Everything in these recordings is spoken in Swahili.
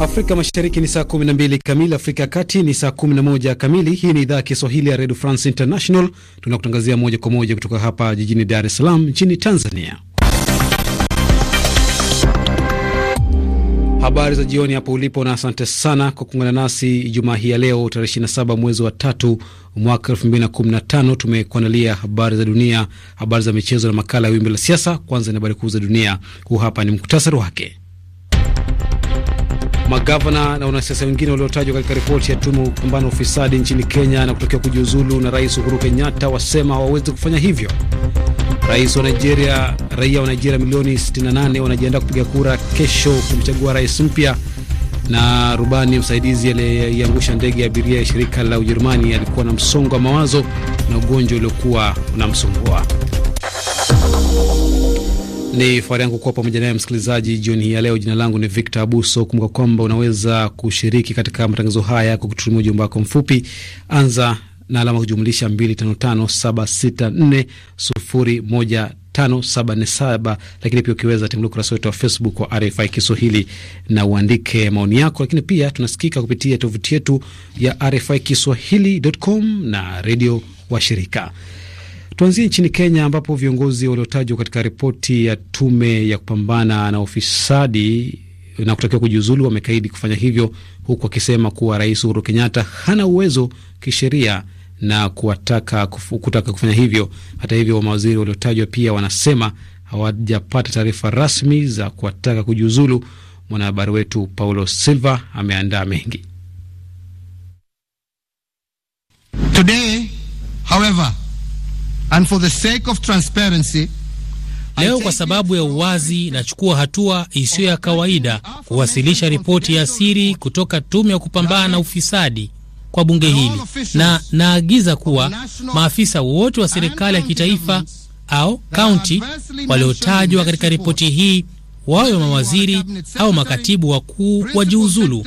Afrika Mashariki ni saa 12 kamili, Afrika ya Kati ni saa 11 kamili. Hii ni idhaa ya Kiswahili ya Redio France International, tunakutangazia moja kwa moja kutoka hapa jijini Dar es Salaam nchini Tanzania. Habari za jioni hapo ulipo, na asante sana kwa kuungana nasi Ijumaa hii ya leo tarehe 27 mwezi wa tatu mwaka 2015. Tumekuandalia habari za dunia, habari za michezo na makala ya wimbi la siasa. Kwanza ni habari kuu za dunia, huu hapa ni muktasari wake. Magavana na wanasiasa wengine waliotajwa katika ripoti ya tume kupambana ufisadi nchini Kenya na kutokea kujiuzulu na Rais Uhuru Kenyatta wasema hawawezi kufanya hivyo. Rais wa Nigeria, raia wa Nigeria milioni 68 wanajiandaa kupiga kura kesho kumchagua rais mpya. Na rubani msaidizi aliyeiangusha ndege ya abiria ya shirika la Ujerumani alikuwa na msongo wa mawazo na ugonjwa uliokuwa unamsumbua. Ni fahari yangu kuwa pamoja naye msikilizaji jioni hii ya leo. Jina langu ni Victor Abuso. Kumbuka kwamba unaweza kushiriki katika matangazo haya kwa kutumia ujumbe wako mfupi, anza na alama kujumlisha 255764015747 lakini pia ukiweza tembelea ukurasa wetu wa Facebook wa RFI Kiswahili na uandike maoni yako. Lakini pia tunasikika kupitia tovuti yetu ya RFI Kiswahili.com na redio wa shirika Tuanzie nchini Kenya ambapo viongozi waliotajwa katika ripoti ya tume ya kupambana na ufisadi na kutakiwa kujiuzulu wamekaidi kufanya hivyo, huku akisema kuwa Rais Uhuru Kenyatta hana uwezo kisheria na kuwataka kufu, kutaka kufanya hivyo. Hata hivyo, mawaziri waliotajwa pia wanasema hawajapata taarifa rasmi za kuwataka kujiuzulu. Mwanahabari wetu Paulo Silva ameandaa mengi Today. And for the sake of transparency, leo kwa sababu ya uwazi, nachukua hatua isiyo ya kawaida kuwasilisha ripoti ya siri kutoka tume ya kupambana na ufisadi kwa bunge hili, na naagiza kuwa maafisa wote wa serikali ya kitaifa au kaunti waliotajwa katika ripoti hii wawe mawaziri au makatibu wakuu wajiuzulu.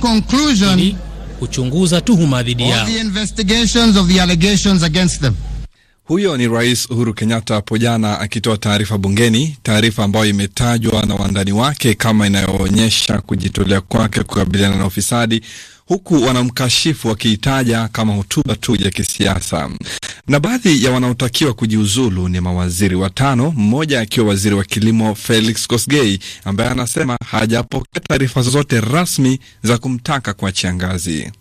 conclusion kuchunguza tuhuma dhidi yao. Huyo ni Rais Uhuru Kenyatta hapo jana akitoa taarifa bungeni, taarifa ambayo imetajwa na wandani wake kama inayoonyesha kujitolea kwake kukabiliana na ufisadi huku wanamkashifu wakiitaja kama hotuba tu ya kisiasa. Na baadhi ya wanaotakiwa kujiuzulu ni mawaziri watano, mmoja akiwa waziri wa kilimo Felix Kosgei ambaye anasema hajapokea taarifa zozote rasmi za kumtaka kuachia ngazi.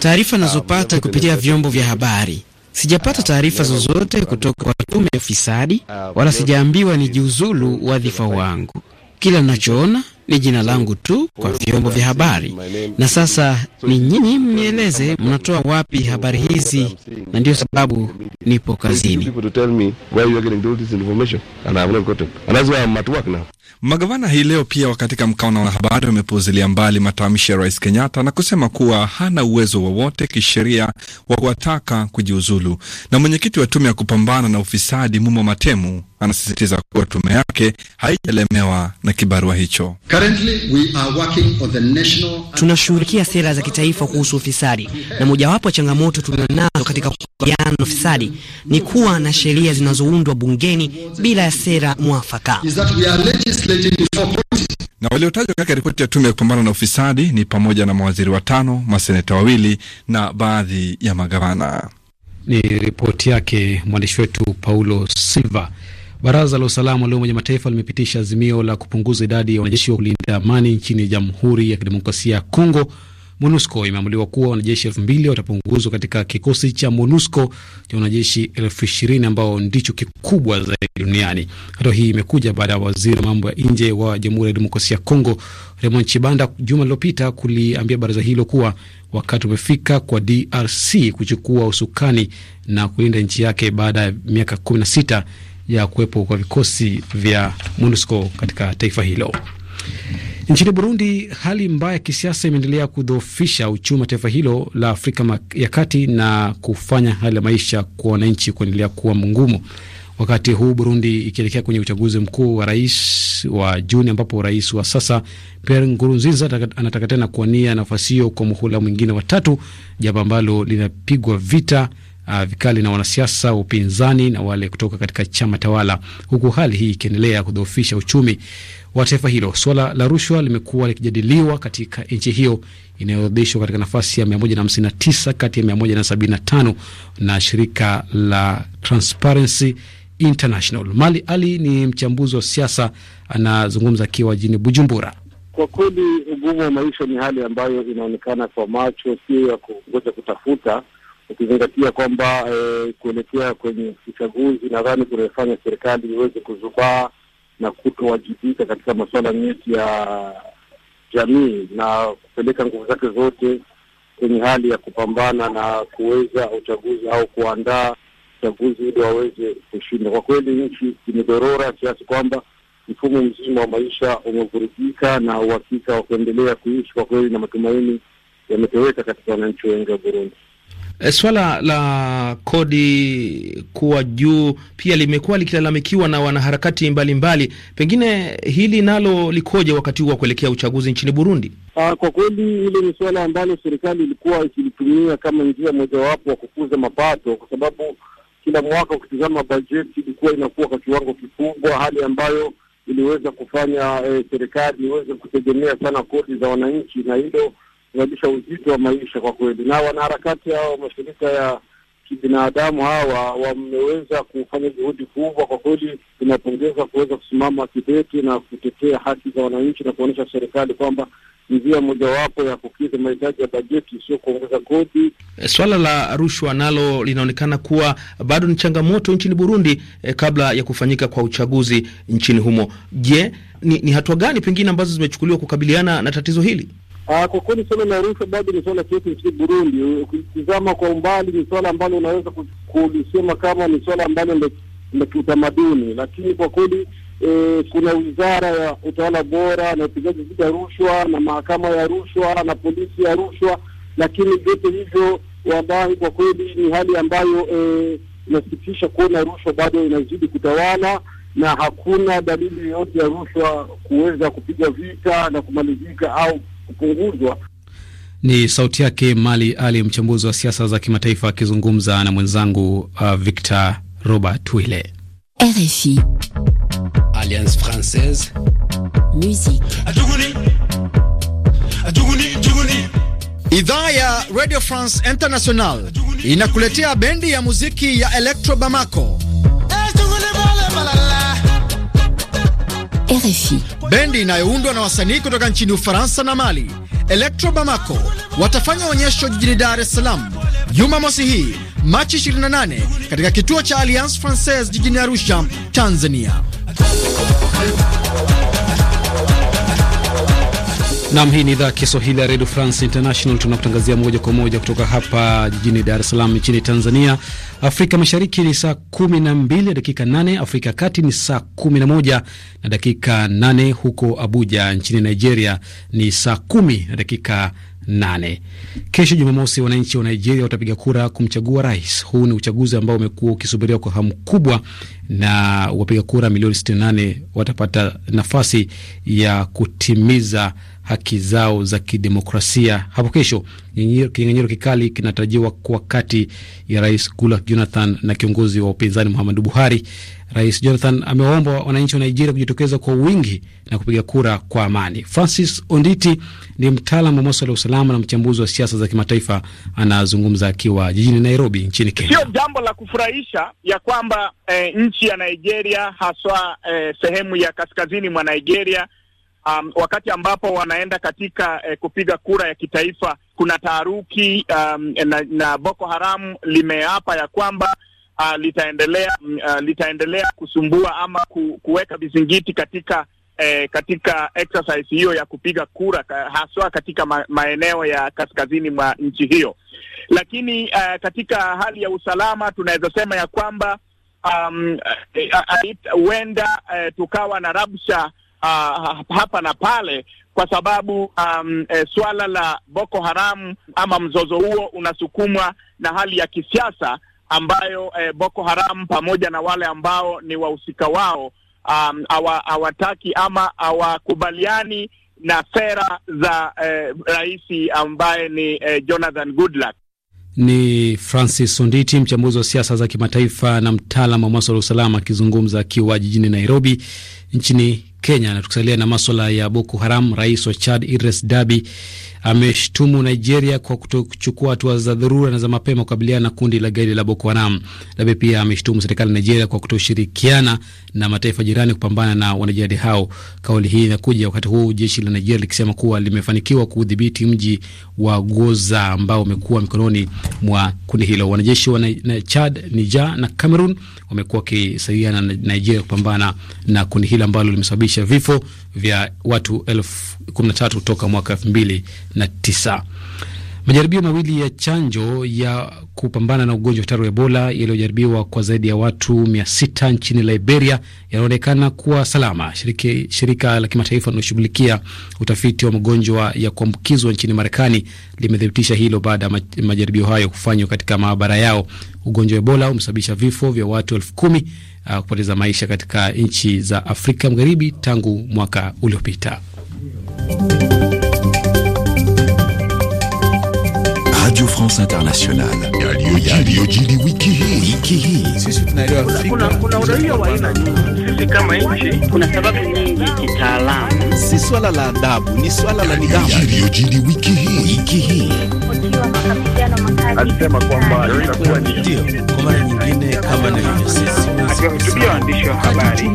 Taarifa ah, nazopata kupitia vyombo vya habari Sijapata ah, taarifa zozote kutoka kwa tume ya ufisadi ah, wala sijaambiwa ni jiuzulu wadhifa wangu. Kila ninachoona ni jina langu tu kwa vyombo vya habari, na sasa ni nyinyi mnieleze mnatoa wapi habari hizi, na ndio sababu nipo kazini. Magavana hii leo pia wakatika mkao na wanahabari wamepuuzilia mbali matamshi ya Rais Kenyatta na kusema kuwa hana uwezo wowote kisheria wa kuwataka kujiuzulu. Na mwenyekiti wa tume ya kupambana na ufisadi Mumo Matemu anasisitiza kuwa tume yake haijalemewa na kibarua hicho. tunashughulikia sera za kitaifa kuhusu ufisadi na mojawapo ya changamoto tulionazo katika kukabiliana na ufisadi ni kuwa na sheria zinazoundwa bungeni bila ya sera mwafaka na waliotajwa katika ripoti ya tume ya kupambana na ufisadi ni pamoja na mawaziri watano, maseneta wawili na baadhi ya magavana. Ni ripoti yake mwandishi wetu Paulo Silva. Baraza la usalama la Umoja Mataifa limepitisha azimio la kupunguza idadi ya wanajeshi wa kulinda amani nchini Jamhuri ya Kidemokrasia ya Kongo. MONUSCO imeamuliwa kuwa wanajeshi elfu mbili watapunguzwa katika kikosi cha MONUSCO cha wanajeshi elfu ishirini ambao ndicho kikubwa zaidi duniani. Hatua hii imekuja baada ya waziri wa mambo ya nje wa Jamhuri ya Demokrasia ya Kongo, Raymond Chibanda, juma lililopita kuliambia baraza hilo kuwa wakati umefika kwa DRC kuchukua usukani na kulinda nchi yake baada ya miaka 16 ya kuwepo kwa vikosi vya MONUSCO katika taifa hilo. Nchini Burundi, hali mbaya ya kisiasa imeendelea kudhoofisha uchumi wa taifa hilo la Afrika ya Kati na kufanya hali ya maisha kwa wananchi kuendelea kuwa mngumu Wakati huu Burundi ikielekea kwenye uchaguzi mkuu wa rais wa Juni, ambapo rais wa sasa Pierre Nkurunziza anataka tena kuwania nafasi hiyo kwa muhula mwingine wa tatu, jambo ambalo linapigwa vita uh, vikali na wanasiasa wa upinzani na wale kutoka katika chama tawala, huku hali hii ikiendelea kudhoofisha uchumi wa taifa hilo. Suala la rushwa limekuwa likijadiliwa katika nchi hiyo inayoorodheshwa katika nafasi ya 159 kati ya 175 na shirika la Transparency International. Mali Ali ni mchambuzi wa siasa, anazungumza akiwa jijini Bujumbura. Kwa kweli ugumu wa maisha ni hali ambayo inaonekana kwa macho, sio ya kungoja kutafuta, ukizingatia kwamba e, kuelekea kwenye uchaguzi nadhani kunaefanya serikali iweze kuzubaa na kutowajibika katika masuala nyeti ya jamii na kupeleka nguvu zake zote kwenye hali ya kupambana na kuweza uchaguzi au kuandaa uchaguzi ili waweze kushinda. Kwa kweli nchi imedorora kiasi kwamba mfumo mzima wa maisha umevurugika na uhakika wa kuendelea kuishi kwa kweli na matumaini yametoweka katika wananchi wengi wa Burundi. E, swala la kodi kuwa juu pia limekuwa likilalamikiwa na wanaharakati mbalimbali mbali. Pengine hili nalo likoje wakati huu wa kuelekea uchaguzi nchini Burundi? Aa, ah, kwa kweli hilo ni suala ambalo serikali ilikuwa ikilitumia kama njia mojawapo wa kukuza mapato, kwa sababu kila mwaka ukitizama bajeti ilikuwa inakuwa kwa kiwango kikubwa, hali ambayo iliweza kufanya eh, serikali iweze kutegemea sana kodi za wananchi na hilo kubadilisha uzito wa maisha kwa kweli, na wanaharakati hao mashirika ya kibinadamu hawa wameweza kufanya juhudi kubwa kwa kweli, inapongeza kuweza kusimama kidete na kutetea haki za wananchi na kuonyesha serikali kwamba njia mojawapo ya kukidhi mahitaji ya bajeti sio kuongeza kodi. Eh, swala la rushwa nalo linaonekana kuwa bado ni changamoto nchini Burundi eh, kabla ya kufanyika kwa uchaguzi nchini humo. Je, ni, ni hatua gani pengine ambazo zimechukuliwa kukabiliana na tatizo hili? Ah, kwa kweli suala la rushwa bado ni suala chetu nchini Burundi. Ukitizama kwa umbali, ni suala ambalo unaweza kulisema kama ni suala ambalo la kiutamaduni, lakini kwa kweli e, kuna wizara ya utawala bora na upigaji dhidi ya rushwa na mahakama ya rushwa na polisi ya rushwa, lakini vyote hivyo wadai, kwa kweli ni hali ambayo e, inasikitisha kuona rushwa bado inazidi kutawala na hakuna dalili yoyote ya rushwa kuweza kupiga vita na kumalizika au kupunguzwa. Ni sauti yake Mali Ali, mchambuzi wa siasa za kimataifa akizungumza na mwenzangu uh, Victor Robert Wile, RFI Alliance Francaise Musique. Idhaa ya Radio France International inakuletea bendi ya muziki ya Electro Bamako RFI. Bendi inayoundwa na wasanii kutoka nchini Ufaransa na Mali, Electro Bamako, watafanya onyesho jijini Dar es Salaam Jumamosi hii Machi 28 katika kituo cha Alliance Francaise jijini Arusha, Tanzania. Nam, hii ni idhaa ya Kiswahili ya redio France International. Tunakutangazia moja kwa moja kutoka hapa jijini Dar es Salaam nchini Tanzania. Afrika Mashariki ni saa kumi na mbili na dakika nane. Afrika ya Kati ni saa kumi na moja na dakika nane. huko Abuja nchini Nigeria ni saa kumi na dakika nane. Kesho Jumamosi, wananchi wa Nigeria watapiga kura kumchagua rais. Huu ni uchaguzi ambao umekuwa ukisubiriwa kwa hamu kubwa, na wapiga kura milioni 68 watapata nafasi ya kutimiza haki zao za kidemokrasia hapo kesho. Kinyang'anyiro kikali kinatarajiwa kuwa kati ya Rais Goodluck Jonathan na kiongozi wa upinzani Muhammadu Buhari. Rais Jonathan amewaomba wananchi wa Nigeria kujitokeza kwa wingi na kupiga kura kwa amani. Francis Onditi ni mtaalam wa maswala ya usalama na mchambuzi wa siasa za kimataifa, anazungumza akiwa jijini Nairobi nchini Kenya. Sio jambo la kufurahisha ya kwamba eh, nchi ya Nigeria haswa eh, sehemu ya kaskazini mwa Nigeria um, wakati ambapo wanaenda katika eh, kupiga kura ya kitaifa kuna taharuki um, na, na Boko Haram limeapa ya kwamba uh, litaendelea mm, uh, litaendelea kusumbua ama ku, kuweka vizingiti katika eh, katika exercise hiyo ya kupiga kura haswa katika ma, maeneo ya kaskazini mwa nchi hiyo. Lakini uh, katika hali ya usalama tunaweza sema ya kwamba um, eh, huenda um, uh, uh, uh, uh, uh, tukawa na rabsha uh, hapa na pale kwa sababu um, e, swala la Boko Haram ama mzozo huo unasukumwa na hali ya kisiasa ambayo e, Boko Haram pamoja na wale ambao ni wahusika wao um, hawataki ama hawakubaliani na sera za e, rais ambaye ni e, Jonathan Goodluck. Ni Francis Onditi, mchambuzi wa siasa za kimataifa na mtaalam wa maswala ya usalama, akizungumza akiwa jijini Nairobi nchini Kenya. Na tukisalia na maswala ya Boko Haram, rais wa Chad Idris Dabi ameshtumu Nigeria kwa kutochukua hatua za dharura na za mapema kukabiliana na kundi la gaidi la Boko Haram. Dabe pia ameshtumu serikali ya Nigeria kwa kutoshirikiana na mataifa jirani kupambana na wanajihadi hao. Kauli hii inakuja wakati huu jeshi la Nigeria likisema kuwa limefanikiwa kudhibiti mji wa Goza ambao umekuwa mikononi mwa kundi hilo. Wanajeshi wa na Chad, Niger na Cameroon wamekuwa wakisaidiana na Nigeria kupambana na kundi hilo ambalo limesababisha vifo vya watu elfu kumi na tatu kutoka mwaka elfu mbili Majaribio mawili ya chanjo ya kupambana na ugonjwa hatari wa Ebola yaliyojaribiwa kwa zaidi ya watu 6 nchini Liberia yanaonekana kuwa salama. Shiriki, shirika la kimataifa linaloshughulikia utafiti wa magonjwa ya kuambukizwa nchini Marekani limethibitisha hilo baada ya majaribio hayo kufanywa katika maabara yao. Ugonjwa wa Ebola umesababisha vifo vya watu elfu kumi uh, kupoteza maisha katika nchi za Afrika Magharibi tangu mwaka uliopita. Radio France Internationale. wiki Wiki Si swala la adabu, ni swala la nidhamu. Yaliyojili Wiki Alisema kwamba ndio mara nyingine kama nilivyosema. Akiwahutubia waandishi wa habari.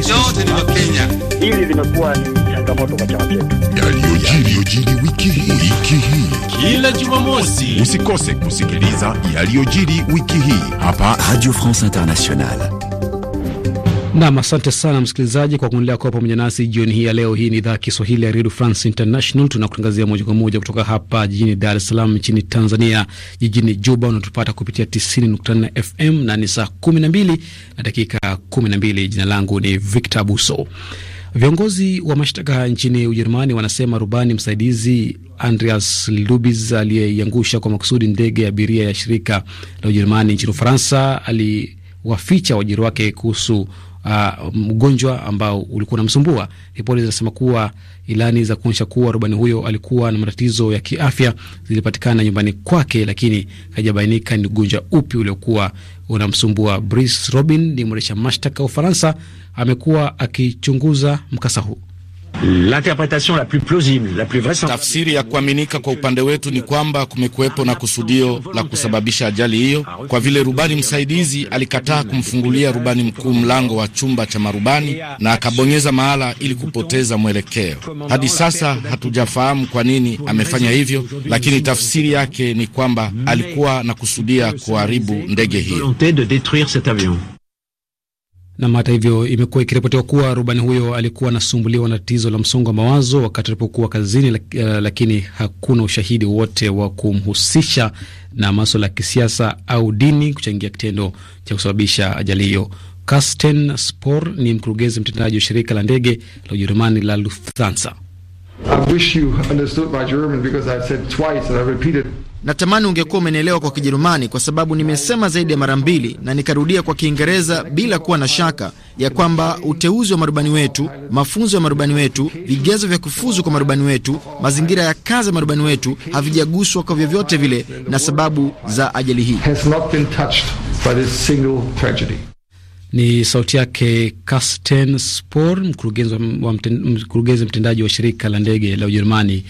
Yote ni Wakenya. Hili changamoto kwa chama chetu. Yaliyojiri wiki hii wiki hii kila Jumamosi, usikose kusikiliza yaliyojiri wiki hii hapa Radio France Internationale. Nam, asante sana msikilizaji kwa kuendelea kuwa pamoja nasi jioni hii ya leo. Hii ni idhaa ya Kiswahili ya Redio France International. Tunakutangazia moja kwa moja kutoka hapa jijini Dar es Salaam nchini Tanzania. Jijini Juba unatupata kupitia 90.4 FM na ni saa 12 na dakika 12. Jina langu ni Victor Buso. Viongozi wa mashtaka nchini Ujerumani wanasema rubani msaidizi Andreas Lubitz aliyeiangusha kwa makusudi ndege ya abiria ya shirika la Ujerumani nchini Ufaransa aliwaficha waajiri wake kuhusu uh, mgonjwa ambao ulikuwa unamsumbua. Ripoti zinasema kuwa ilani za kuonyesha kuwa rubani huyo alikuwa na matatizo ya kiafya zilipatikana nyumbani kwake, lakini hajabainika ni ugonjwa upi uliokuwa unamsumbua. Brice Robin ni mwendesha mashtaka wa Ufaransa amekuwa akichunguza mkasa huu. Tafsiri ya kuaminika kwa upande wetu ni kwamba kumekuwepo na kusudio la kusababisha ajali hiyo, kwa vile rubani msaidizi alikataa kumfungulia rubani mkuu mlango wa chumba cha marubani na akabonyeza mahala ili kupoteza mwelekeo. Hadi sasa hatujafahamu kwa nini amefanya hivyo, lakini tafsiri yake ni kwamba alikuwa na kusudia kuharibu ndege hiyo. Nam, hata hivyo, imekuwa ikiripotiwa kuwa rubani huyo alikuwa anasumbuliwa na tatizo la msongo wa mawazo wakati alipokuwa kazini, eh, lakini hakuna ushahidi wote wa kumhusisha na maswala ya kisiasa au dini kuchangia kitendo cha kusababisha ajali hiyo. Carsten spor ni mkurugenzi mtendaji wa shirika la ndege la Ujerumani la Lufthansa. Natamani ungekuwa umenielewa kwa Kijerumani kwa sababu nimesema zaidi ya mara mbili na nikarudia kwa Kiingereza bila kuwa na shaka ya kwamba uteuzi wa marubani wetu, mafunzo ya marubani wetu, vigezo vya kufuzu kwa marubani wetu, mazingira ya kazi ya marubani wetu havijaguswa kwa vyovyote vile na sababu za ajali hii. Ni sauti yake Carsten Spohr, mkurugenzi mtendaji wa shirika la ndege la Ujerumani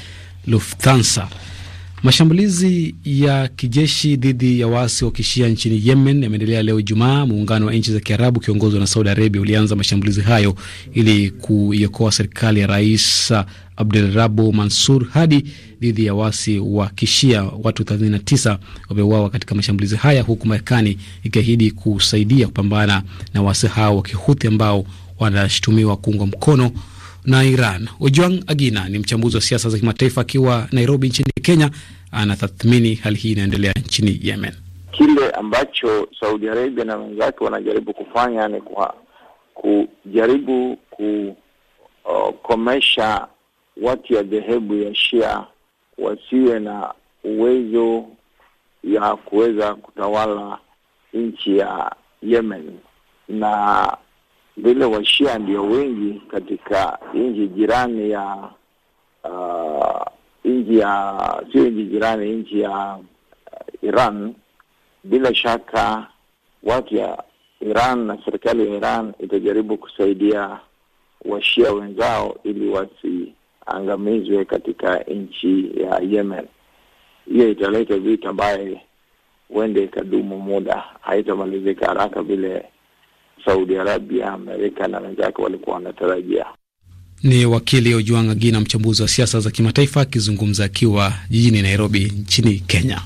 Lufthansa. Mashambulizi ya kijeshi dhidi ya waasi wa kishia nchini Yemen yameendelea leo Ijumaa. Muungano wa nchi za Kiarabu ukiongozwa na Saudi Arabia ulianza mashambulizi hayo ili kuiokoa serikali ya Rais rabu Mansur Hadi dhidi ya waasi wa kishia. Watu 39 wameuawa katika mashambulizi haya, huku Marekani ikiahidi kusaidia kupambana na waasi hao wa kihuthi ambao wanashutumiwa kuungwa mkono na Iran. Ojwang Agina ni mchambuzi wa siasa za kimataifa akiwa Nairobi nchini Kenya, anatathmini hali hii inaendelea nchini Yemen. Kile ambacho Saudi Arabia na wenzake wanajaribu kufanya ni kwa kujaribu kukomesha uh, watu ya dhehebu ya Shia wasiwe na uwezo ya kuweza kutawala nchi ya Yemen na vile Washia ndio wengi katika nchi jirani ya uh, nchi ya sio nchi jirani, nchi ya uh, Iran. Bila shaka watu ya Iran na serikali ya Iran itajaribu kusaidia Washia wenzao ili wasiangamizwe katika nchi ya Yemen. Hiyo italeta vita ambaye huende ikadumu muda, haitamalizika haraka vile Saudi Arabia, Amerika na wenzake walikuwa wanatarajia. Ni wakili Ojuang Agina, mchambuzi wa siasa za kimataifa, akizungumza akiwa jijini Nairobi nchini Kenya.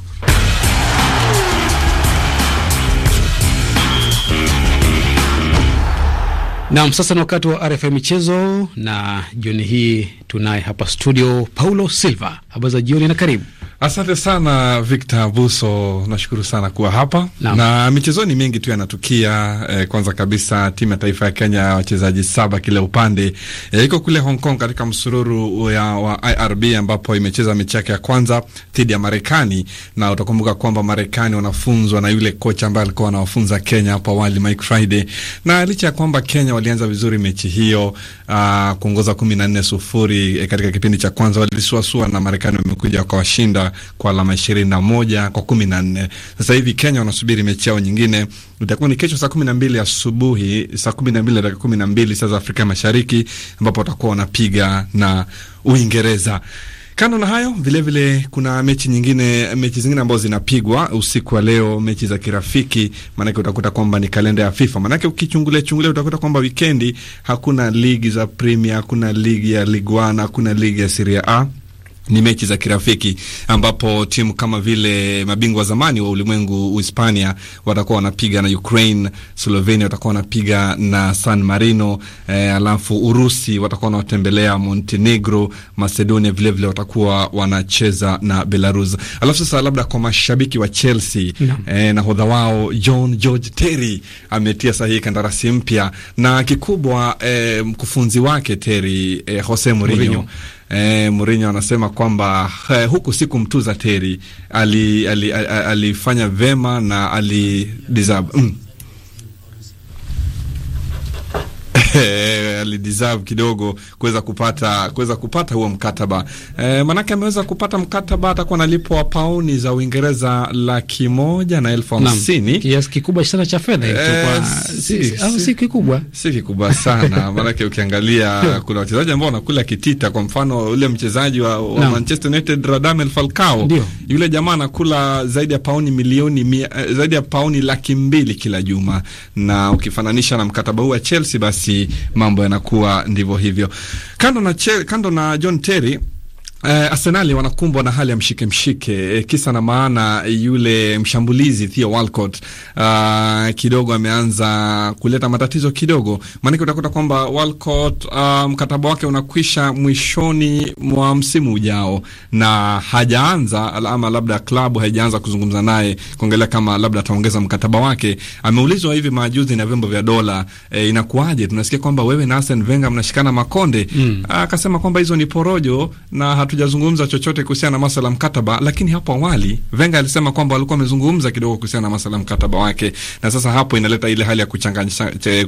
Nam, sasa ni wakati wa RFI michezo, na jioni hii tunaye hapa studio Paulo Silva. Habari za jioni na karibu. Asante sana Victor Buso, nashukuru sana kuwa hapa na, na michezoni mingi tu yanatukia. Eh, kwanza kabisa timu ya taifa ya Kenya wachezaji saba kila upande eh, iko kule Hong Kong katika msururu ya, wa IRB ambapo imecheza mechi yake ya kwanza dhidi ya Marekani, na utakumbuka kwamba Marekani wanafunzwa na yule kocha ambaye alikuwa anawafunza Kenya hapo awali Mike Friday, na licha ya kwamba Kenya walianza vizuri mechi hiyo ah, kuongoza kumi na nne sufuri eh, katika kipindi cha kwanza, walisuasua na Marekani wamekuja wakawashinda kwa alama ishirini na moja kwa kumi na nne. Sasa hivi Kenya wanasubiri mechi yao nyingine, itakuwa ni kesho saa kumi na mbili asubuhi, saa kumi na mbili dakika kumi na mbili saa za Afrika Mashariki, ambapo watakuwa wanapiga na Uingereza. Kando na hayo vilevile vile, kuna mechi nyingine, mechi zingine ambazo zinapigwa usiku wa leo, mechi za kirafiki. Maanake utakuta kwamba ni kalenda ya FIFA, maanake ukichungulia chungulia utakuta kwamba wikendi hakuna ligi za Premier, hakuna ligi ya Ligue 1, hakuna ligi ya Serie A ni mechi za kirafiki ambapo timu kama vile mabingwa zamani wa ulimwengu Uhispania watakuwa wanapiga na Ukraine, Slovenia watakuwa wanapiga na San Marino eh, alafu Urusi watakuwa wanawatembelea Montenegro, Macedonia vilevile watakuwa wanacheza na Belarus. Alafu sasa, labda kwa mashabiki wa Chelsea no. eh, nahodha wao John George Terry ametia sahihi kandarasi mpya na kikubwa eh, mkufunzi wake Terry eh, Jose Mourinho E, Mourinho anasema kwamba e, huku si kumtuza Terry, alifanya ali, ali, ali, ali vema na ali deserve mm. Eh, alideserve kidogo kuweza kupata kuweza kupata huo mkataba e, manake ameweza kupata mkataba, atakuwa analipwa pauni za Uingereza laki moja na elfu hamsini kiasi kikubwa sana cha fedha e, si, si, si, si kikubwa si kikubwa sana manake ukiangalia kuna wachezaji ambao wanakula kitita, kwa mfano ule mchezaji wa, wa Manchester United Radamel Falcao Dio. yule jamaa anakula zaidi ya pauni milioni mia, zaidi ya pauni laki mbili kila juma, na ukifananisha na mkataba huu wa Chelsea basi basi mambo yanakuwa ndivyo hivyo. Kando na, kando na John Terry Eh, Arsenal wanakumbwa na hali ya mshike mshike, eh, kisa na maana yule mshambulizi Theo Walcott uh, kidogo ameanza kuleta matatizo kidogo, maanake utakuta kwamba Walcott uh, mkataba wake unakwisha mwishoni mwa msimu ujao na hajaanza ama labda klabu haijaanza kuzungumza naye kuongelea kama labda ataongeza mkataba wake. Ameulizwa hivi majuzi na vyombo vya dola, eh, inakuwaje tunasikia kwamba wewe na Arsene Wenger mnashikana makonde, mm. Ah, akasema mm. uh, kwamba hizo ni porojo na hatu hatujazungumza chochote kuhusiana na masala mkataba, lakini hapo awali Venga alisema kwamba walikuwa wamezungumza kidogo kuhusiana na masala mkataba wake, na sasa hapo inaleta ile hali ya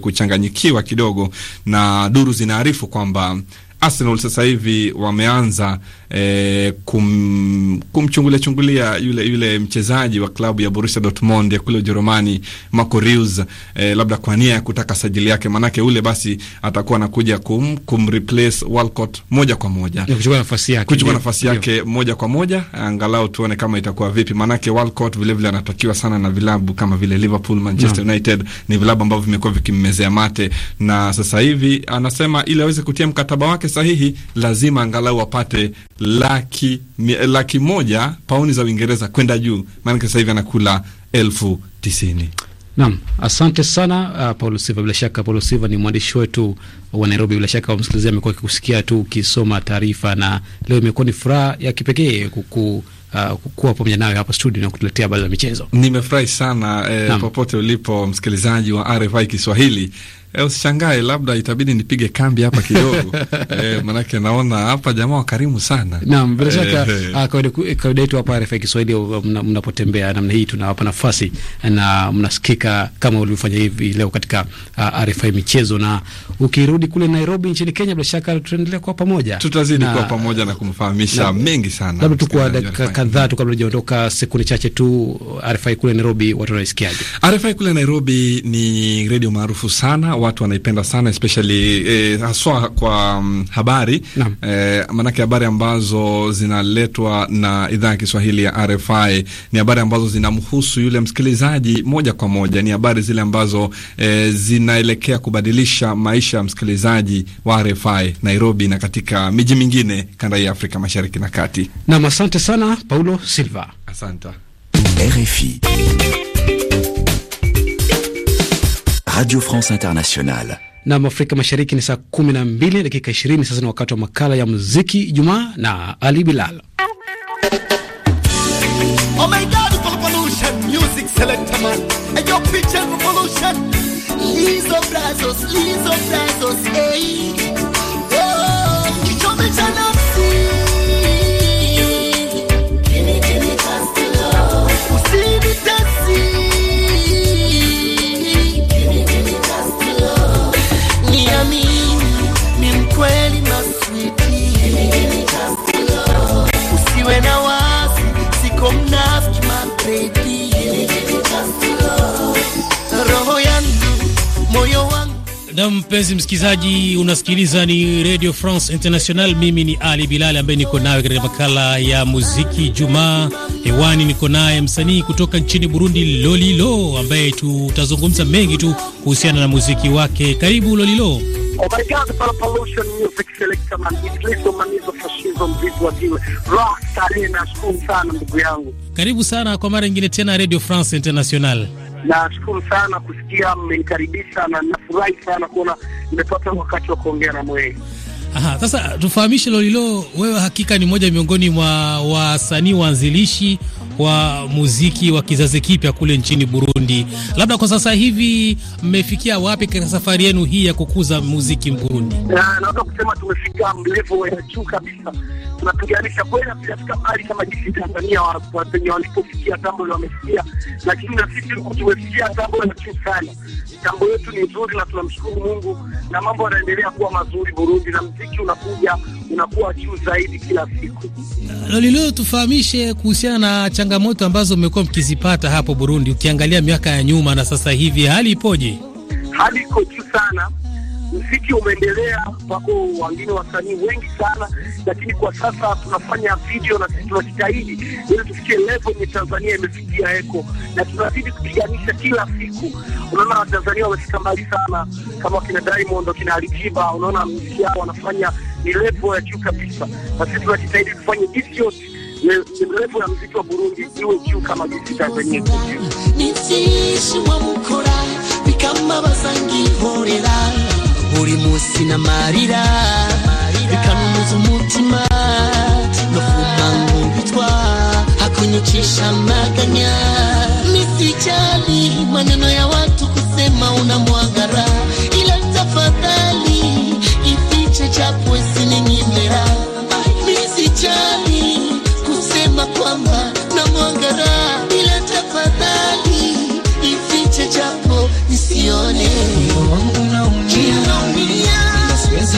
kuchanganyikiwa kidogo, na duru zinaarifu kwamba Arsenal sasa hivi wameanza eh, kum, kumchungulia chungulia yule, yule mchezaji wa klabu ya Borussia Dortmund ya kule Ujerumani Marco Reus eh, labda kwa nia ya kutaka sajili yake, manake ule basi atakuwa anakuja kum, kum replace Walcott moja kwa moja kuchukua nafasi yake, kuchukua nafasi yake moja kwa moja, angalau tuone kama itakuwa vipi, manake Walcott vilevile anatakiwa sana na vilabu kama vile Liverpool, Manchester no. United ni vilabu ambavyo vimekuwa vikimmezea mate, na sasa hivi anasema ili aweze kutia mkataba wake sahihi lazima angalau apate laki, laki moja pauni za Uingereza kwenda juu, maanake sasa hivi anakula elfu tisini. Naam, asante sana uh, Paulo Silva. Bila shaka Paulo Silva ni mwandishi wetu wa Nairobi. Bila shaka wamsikilizaji amekuwa akikusikia tu ukisoma taarifa, na leo imekuwa ni furaha ya kipekee kuku Uh, kuwa pamoja nayo hapa studio na kutuletea habari za michezo. Nimefurahi sana eh, popote ulipo msikilizaji wa RFI Kiswahili E, usishangae labda itabidi nipige kambi hapa kidogo e, manake naona hapa jamaa wakarimu sana. Naam, bila shaka eh, ah, kawaida yetu hapa RFI Kiswahili, uh, mnapotembea namna hii tunawapa nafasi na mnasikika kama ulivyofanya hivi leo katika uh, ah, RFI michezo, na ukirudi kule Nairobi nchini Kenya, bila shaka tutaendelea kuwa pamoja, tutazidi kuwa pamoja na kumfahamisha na, mengi sana. Labda tukuwa dakika kadhaa tu kabla hujaondoka, sekunde chache tu, RFI kule Nairobi watu wanaisikiaje? RFI kule Nairobi ni redio maarufu sana watu wanaipenda sana especially eh, haswa kwa um, habari eh, maanake habari ambazo zinaletwa na idhaa ya Kiswahili ya RFI ni habari ambazo zinamhusu yule msikilizaji moja kwa moja, ni habari zile ambazo eh, zinaelekea kubadilisha maisha ya msikilizaji wa RFI Nairobi na katika miji mingine kanda ya Afrika Mashariki na Kati. Nam, asante sana Paulo Silva, asante RFI. Radio France Internationale. Nam Afrika Mashariki ni saa kumi na mbili dakika ishirini sasa. Ni wakati wa makala ya muziki Ijumaa na Ali Bilal. Oh Na mpenzi msikilizaji, unasikiliza ni Radio France International. Mimi ni Ali Bilali ambaye niko nawe katika makala ya muziki Jumaa. Hewani niko naye msanii kutoka nchini Burundi, Lolilo, ambaye tutazungumza mengi tu kuhusiana na muziki wake. Karibu Lolilo. Karibu sana kwa mara nyingine tena Radio France International. Nashukuru sana kusikia mmenikaribisha, na nafurahi sana kuona nimepata wakati wa kuongea na mwee. Aha, sasa tufahamishe Lolilo, wewe hakika ni moja miongoni mwa wasanii waanzilishi wa muziki wa kizazi kipya kule nchini Burundi. Labda kwa sasa hivi mmefikia wapi katika safari yenu hii ya kukuza muziki Burundi? Na naweza kusema tumefika mlevo ya juu kabisa. Tunapiganisha kweli, tunafika mbali kama jinsi Tanzania wapenye walipofikia jambo wamefikia, lakini na sisi huku tumefikia jambo la juu sana. Tambo letu ni nzuri na tunamshukuru Mungu na mambo yanaendelea kuwa mazuri Burundi na mziki muziki unakuja unakuwa juu zaidi kila siku. Lolilo, tufahamishe kuhusiana na changamoto ambazo umekuwa mkizipata hapo Burundi, ukiangalia miaka ya nyuma na sasa hivi, hali ipoje? Hali iko juu sana muziki umeendelea, wako wengine wasanii wengi sana, lakini kwa sasa tunafanya video na sisi tunajitahidi ili tufikie level yenye Tanzania imefikia eko, na tunazidi kupiganisha kila siku. Unaona Watanzania wamefika mbali sana, kama wakina Diamond, wakina Alikiba, unaona muziki yao wanafanya ni level ya juu kabisa, na sisi tunajitahidi tufanye jinsi yote level ya muziki wa Burundi iwe juu kama jinsi Tanzania nitishimwa mukora bikama bazangihorera buri munsi namarira bikanunuza umutima nofuma nkubitwa hakunyikisha maganya misi misijali maneno ya watu kusema unamwangara ila tafadhali ifiche chapo misi misijali kusema kwamba namwangara ila tafadhali ifiche chapo nisione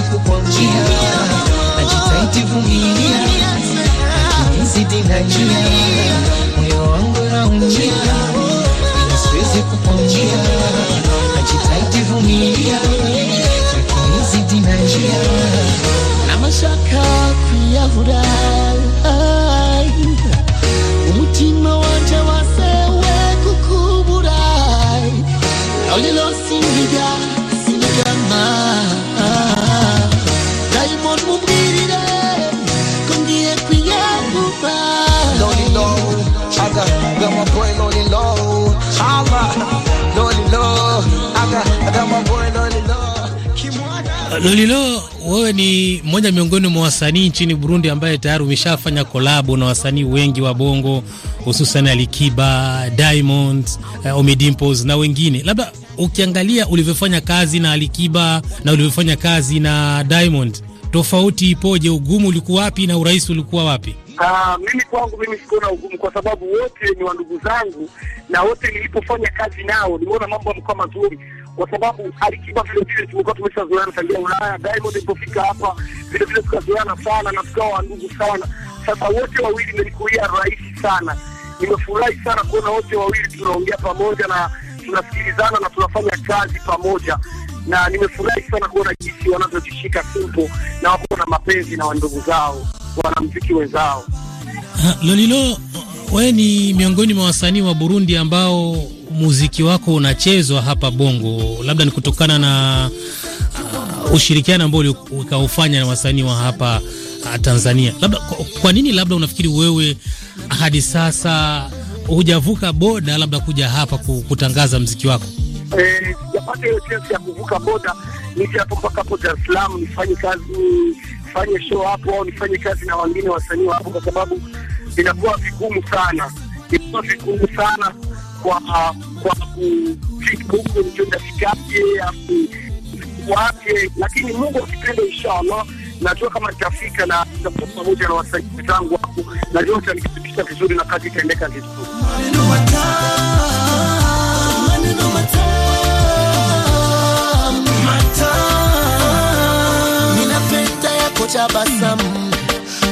kuponjia, najitahidi Lolilo, wewe ni mmoja miongoni mwa wasanii nchini Burundi ambaye tayari umeshafanya kolabo na wasanii wengi wa Bongo, hususan Alikiba, Diamond, uh, eh, Omy na wengine. Labda ukiangalia ulivyofanya kazi na Alikiba na ulivyofanya kazi na Diamond, tofauti ipoje? Ugumu ulikuwa wapi na urahisi ulikuwa wapi? Uh, mimi kwangu mimi sikuona ugumu kwa sababu wote ni wandugu zangu na wote nilipofanya kazi nao nimeona mambo yamekuwa mazuri kwa sababu Alikiba vile vile tumekuwa tumeshazoeana tangia Ulaya. Diamond alipofika hapa vile vile tukazoeana sana na tukawa ndugu sana. Sasa wote wawili imenikulia rahisi sana, nimefurahi sana kuona wote wawili tunaongea pamoja na tunasikilizana na tunafanya kazi pamoja, na nimefurahi sana kuona jinsi wanavyojishika simpo na wako na mapenzi na wandugu zao wanamziki wenzao. Ah, Lolilo, wewe ni miongoni mwa wasanii wa Burundi ambao muziki wako unachezwa hapa Bongo, labda ni kutokana na uh, ushirikiano ambao ukaufanya na wasanii wa hapa uh, Tanzania. Labda kwa, kwa nini labda unafikiri wewe hadi sasa hujavuka boda labda kuja hapa kutangaza mziki wako? Eh, sijapata hiyo chance ya kuvuka boda, nije hapo mpaka hapo Dar es Salaam nifanye kazi, nifanye show hapo, au nifanye kazi na wengine wasanii wapo, kwa sababu inakuwa vigumu sana, inakuwa vigumu sana kwa kwa kufika huko afu wake, lakini Mungu akipenda, inshallah najua kama nitafika na nitakuwa pamoja na wasaidizi zangu hapo, najua nitanifikisha vizuri na kazi itaendeka vizuri.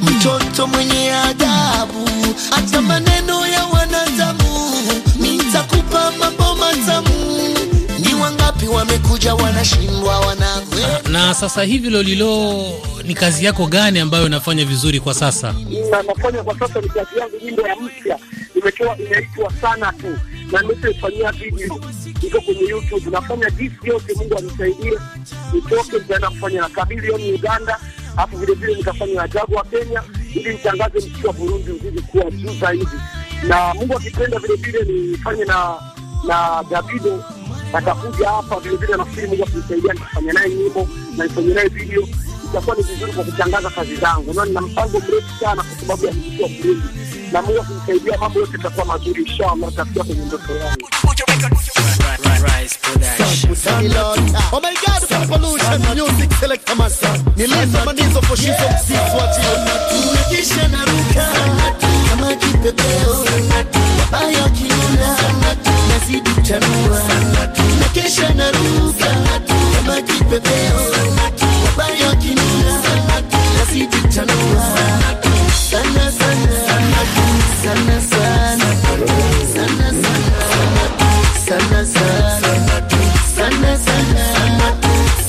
mtoto mwenye adabu, hata maneno ya wana wamekuja wanashindwa wanagwe. Ah, na sasa hivi Lolilo, ni kazi yako gani ambayo unafanya vizuri kwa sasa? Na nafanya kwa sasa ni kazi yangu, nyimbo ya mpya imekuwa inaitwa sana tu, na nimefanyia video iko kwenye YouTube. Nafanya jinsi yote, Mungu anisaidie nitoke jana kufanya na Kabilioni Uganda, alafu vile vile nikafanya na Jagu wa Kenya ili nitangaze mziki wa Burundi uzidi kuwa juu zaidi, na Mungu akipenda vile vile nifanye na na Davido atakuja hapa vile vile, nafikiri moja kumsaidia, nikafanya naye nyimbo na nifanye naye video, itakuwa ni vizuri kwa kutangaza kazi zangu, na nina mpango mrefu sana kwa sababu ya muziki wa Burundi, na Mungu akinisaidia mambo yote yatakuwa mazuri inshallah, tafikia kwenye ndoto yangu kama kipepeo, bayo kiula nazidi chanua na kesha naruka kama kipepeo, bayo kiula nazidi chanua sana sana sana sana sana sana sana sana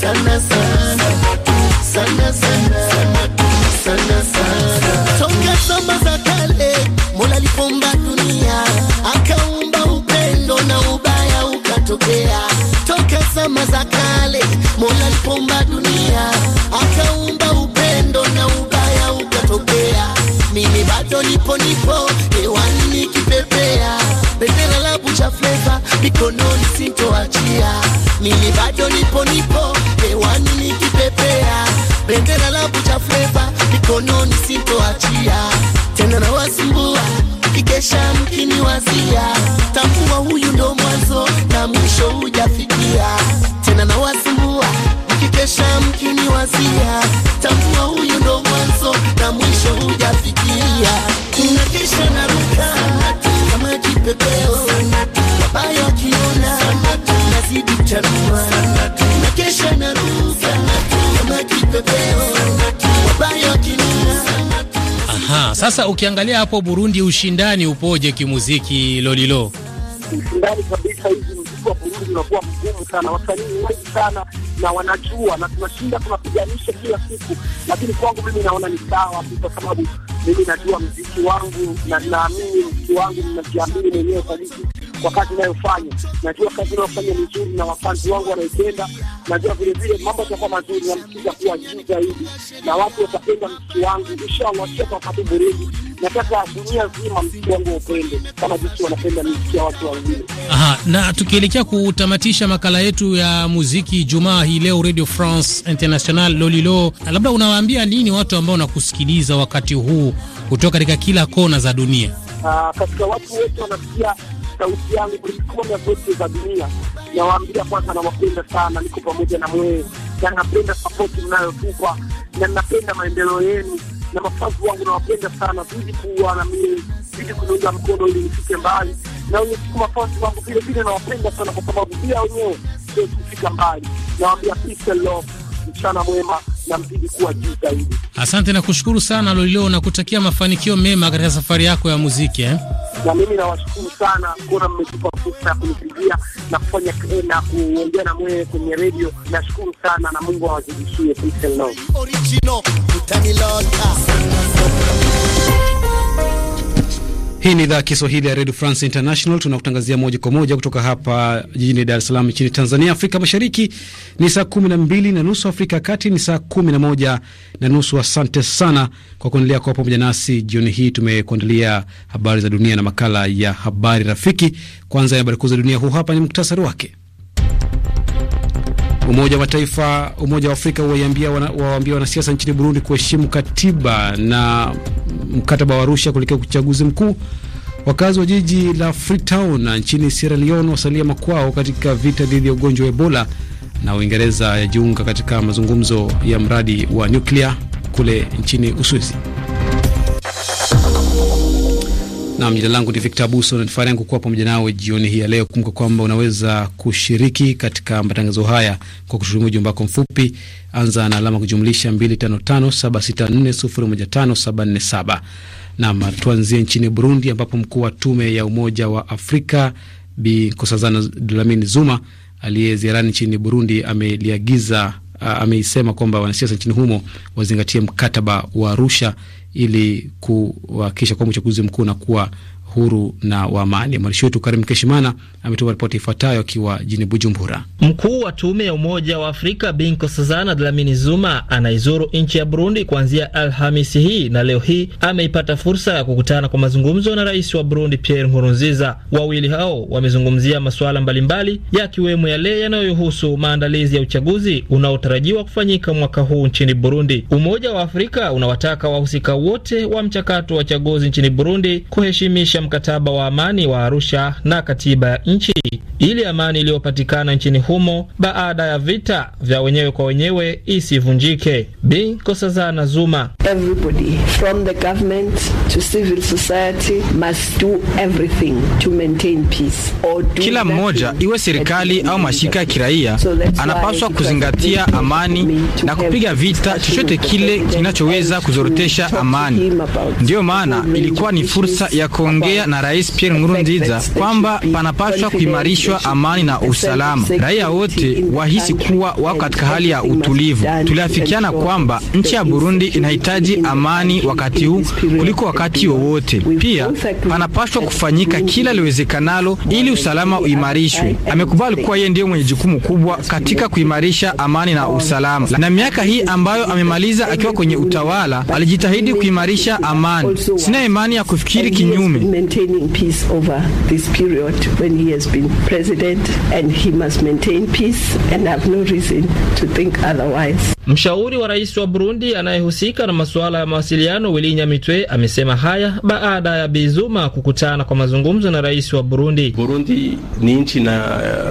sana sana sana sana sana zama za kale Mola alipomba dunia akaumba upendo na ubaya ukatokea. Mimi bado nipo nipo hewani nikipepea, bendera la bucha fleva mikononi sintoachia. Mimi bado nipo nipo hewani nikipepea, bendera la bucha fleva mikononi sintoachia. Tena na wasumbua mkikesha mkiniwazia, tambua huyu ndo mwanzo na mwisho Sasa ukiangalia hapo Burundi, ushindani upoje kimuziki? Lolilo ushindani kabisa. Hizi muziki wa Burundi unakuwa mgumu sana, wasanii wengi sana na wanajua, na tunashinda tunapiganisha kila siku, lakini kwangu mimi naona ni sawa tu, kwa sababu mimi najua mziki wangu na naamini mziki wangu, ninajiamini mwenyewe kabisa kwa kazi inayofanya. Najua kazi inayofanya ni nzuri na wafanzi wangu wanaipenda. Najua vile vile mambo yatakuwa mazuri na kuwa juu zaidi, na watu watapenda mziki wangu inshallah. Sio kwa wakati mrefu, nataka dunia zima mziki wangu upende kama jinsi wanapenda mziki ya watu wengine. Aha, na tukielekea kutamatisha makala yetu ya muziki Jumaa hii leo Radio France International Lolilo, labda unawaambia nini watu ambao wanakusikiliza wakati huu kutoka katika kila kona za dunia? Uh, katika watu wetu wanasikia sauti yangu ya zote za dunia. Nawaambia kwanza, nawapenda sana, niko pamoja na mweye, na napenda sapoti mnayotupa na napenda maendeleo yenu na mafazi wangu nawapenda sana, zidi kuwa na mimi, zidi kuniunga mkono ili nifike mbali, na wenye mafazi wangu vile vile nawapenda sana, kwa sababu bila wenyewe siwezi kufika mbali. Nawaambia peace and love mchana mwema na mzidi kuwa juu zaidi. Asante na kushukuru sana Lolilo na kutakia mafanikio mema katika safari yako ya muziki eh? Na mimi nawashukuru sana kuona mmetupa fursa ya kunipigia na kufanya na kuongea na mwewe kwenye redio. Nashukuru sana na Mungu awazidishie. Hii ni idhaa ya Kiswahili ya redio France International. Tunakutangazia moja kwa moja kutoka hapa jijini Dar es Salaam nchini Tanzania. Afrika Mashariki ni saa kumi na mbili na nusu, Afrika ya Kati ni saa kumi na moja na nusu. Asante sana kwa kuendelea kuwa pamoja nasi jioni hii. Tumekuandalia habari za dunia na makala ya habari rafiki. Kwanza ya habari kuu za dunia, huu hapa ni muktasari wake. Umoja wa Mataifa, Umoja wa Afrika wawaambia wana, wanasiasa nchini Burundi kuheshimu katiba na mkataba wa Arusha kuelekea uchaguzi mkuu. Wakazi wa jiji la Freetown nchini Sierra Leone wasalia makwao katika vita dhidi ya ugonjwa wa Ebola, na Uingereza yajiunga katika mazungumzo ya mradi wa nyuklia kule nchini Uswizi. Nam, jina langu ni Victor Abuso na nifahari yangu kuwa pamoja nawe jioni hii ya leo. Kumbuka kwamba unaweza kushiriki katika matangazo haya kwa kutumia ujumbe wako mfupi, anza na alama kujumlisha 255764015747. Nam, tuanzie nchini Burundi ambapo mkuu wa tume ya Umoja wa Afrika Bi Nkosazana Dlamini Zuma aliye ziarani nchini Burundi ameliagiza ameisema kwamba wanasiasa nchini humo wazingatie mkataba wa Arusha ili kuhakikisha kwamba uchaguzi mkuu unakuwa huru na wa amani. Mwandishi wetu Karim Keshimana ametuma ripoti ifuatayo akiwa jini Bujumbura. Mkuu wa tume ya Umoja wa Afrika Binkosazana Dlamini Zuma anaizuru nchi ya Burundi kuanzia Alhamisi hii na leo hii ameipata fursa ya kukutana kwa mazungumzo na rais wa Burundi Pierre Nkurunziza. Wawili hao wamezungumzia masuala mbalimbali yakiwemo yale yanayohusu maandalizi ya uchaguzi unaotarajiwa kufanyika mwaka huu nchini Burundi. Umoja wa Afrika unawataka wahusika wote wa mchakato wa chaguzi nchini Burundi kuheshimisha mkataba wa amani wa Arusha na katiba ya nchi ili amani iliyopatikana nchini humo baada ya vita vya wenyewe kwa wenyewe isivunjike. Bi Nkosazana Zuma: Everybody from the government to civil society must do everything to maintain peace. Or do kila mmoja iwe serikali au mashirika ya kiraia so anapaswa kuzingatia amani na kupiga vita chochote kile kinachoweza kuzorotesha amani. Ndiyo maana ilikuwa ni fursa ya kuongea aliongea na Rais Pierre Nkurunziza kwamba panapaswa kuimarishwa amani na usalama, raia wote wahisi kuwa wako katika hali ya utulivu. Tuliafikiana kwamba nchi ya Burundi inahitaji amani wakati huu kuliko wakati wowote. Pia panapaswa kufanyika kila liwezekanalo ili usalama uimarishwe. Amekubali kuwa yeye ndiye mwenye jukumu kubwa katika kuimarisha amani na usalama, na miaka hii ambayo amemaliza akiwa kwenye utawala alijitahidi kuimarisha amani. Sina imani ya kufikiri kinyume. maintaining peace over this period when he has been president, and he must maintain peace, and I have no reason to think otherwise. Mshauri wa rais wa Burundi anayehusika na masuala ya mawasiliano Willy Nyamitwe amesema haya baada ya Bizuma kukutana kwa mazungumzo na rais wa Burundi. Burundi ni nchi na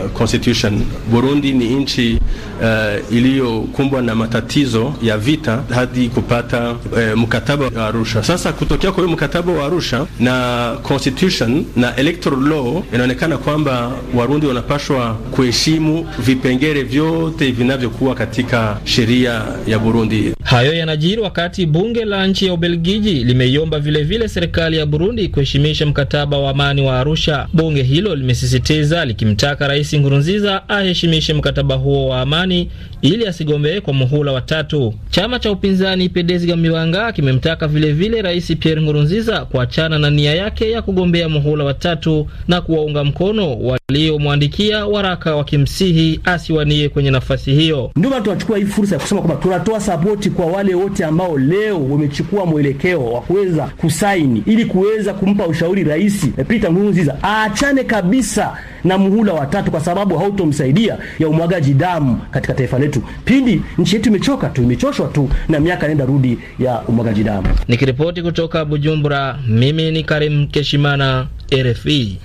uh, constitution. Burundi ni nchi uh, iliyokumbwa na matatizo ya vita hadi kupata uh, mkataba wa Arusha. Sasa kutokea kwa hiyo mkataba wa Arusha na constitution na electoral law, inaonekana kwamba Warundi wanapashwa kuheshimu vipengere vyote vinavyokuwa katika sheria ya, ya Burundi. Hayo yanajiri wakati bunge la nchi ya Ubelgiji limeiomba vilevile serikali ya Burundi kuheshimisha mkataba wa amani wa Arusha. Bunge hilo limesisitiza likimtaka Rais Nkurunziza aheshimishe mkataba huo wa amani ili asigombee kwa muhula wa tatu. Chama cha upinzani Pedezi Gamiwanga kimemtaka vilevile Rais Pierre Nkurunziza kuachana na nia yake ya kugombea muhula wa tatu na kuwaunga mkono waliomwandikia waraka wakimsihi asiwanie kwenye nafasi hiyo. Ndio watu wachukua hii fursa ya kusema tunasema kwamba tunatoa sapoti kwa wale wote ambao leo wamechukua mwelekeo wa kuweza kusaini ili kuweza kumpa ushauri Rais eh, Peter Nkurunziza aachane kabisa na muhula wa tatu, kwa sababu hautomsaidia ya umwagaji damu katika taifa letu. Pindi nchi yetu imechoka tu, imechoshwa tu na miaka nenda rudi ya umwagaji damu. Nikiripoti kutoka Bujumbura, mimi ni Karim Keshimana, RFI.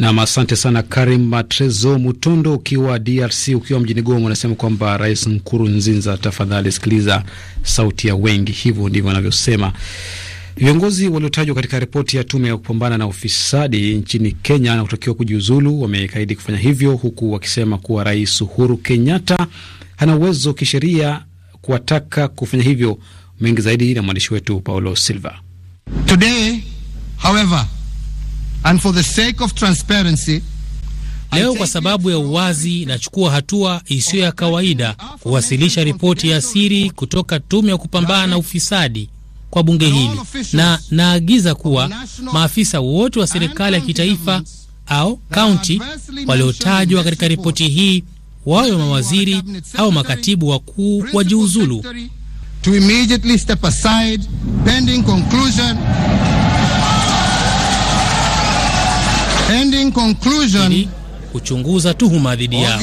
Nam, asante sana Karim Matrezo Mutondo ukiwa DRC, ukiwa mjini Goma, unasema kwamba Rais Nzinza, tafadhali sikiliza sauti ya wengi. Hivyo ndivyo anavyosema viongozi waliotajwa katika ripoti ya tume ya kupambana na ufisadi nchini Kenya na kutakiwa kujiuzulu wamekaidi kufanya hivyo, huku wakisema kuwa Rais Uhuru Kenyatta hana uwezo kisheria kuwataka kufanya hivyo. Mengi zaidi na mwandishi wetu Paulo Silva Today, however, And for the sake of transparency, leo kwa sababu ya uwazi, nachukua hatua isiyo ya kawaida kuwasilisha ripoti ya siri kutoka tume ya kupambana na ufisadi kwa bunge hili, na naagiza kuwa maafisa wote wa serikali ya kitaifa au kaunti waliotajwa katika ripoti hii wawe mawaziri au makatibu wakuu wajiuzulu conclusion kuchunguza tuhuma dhidi yao.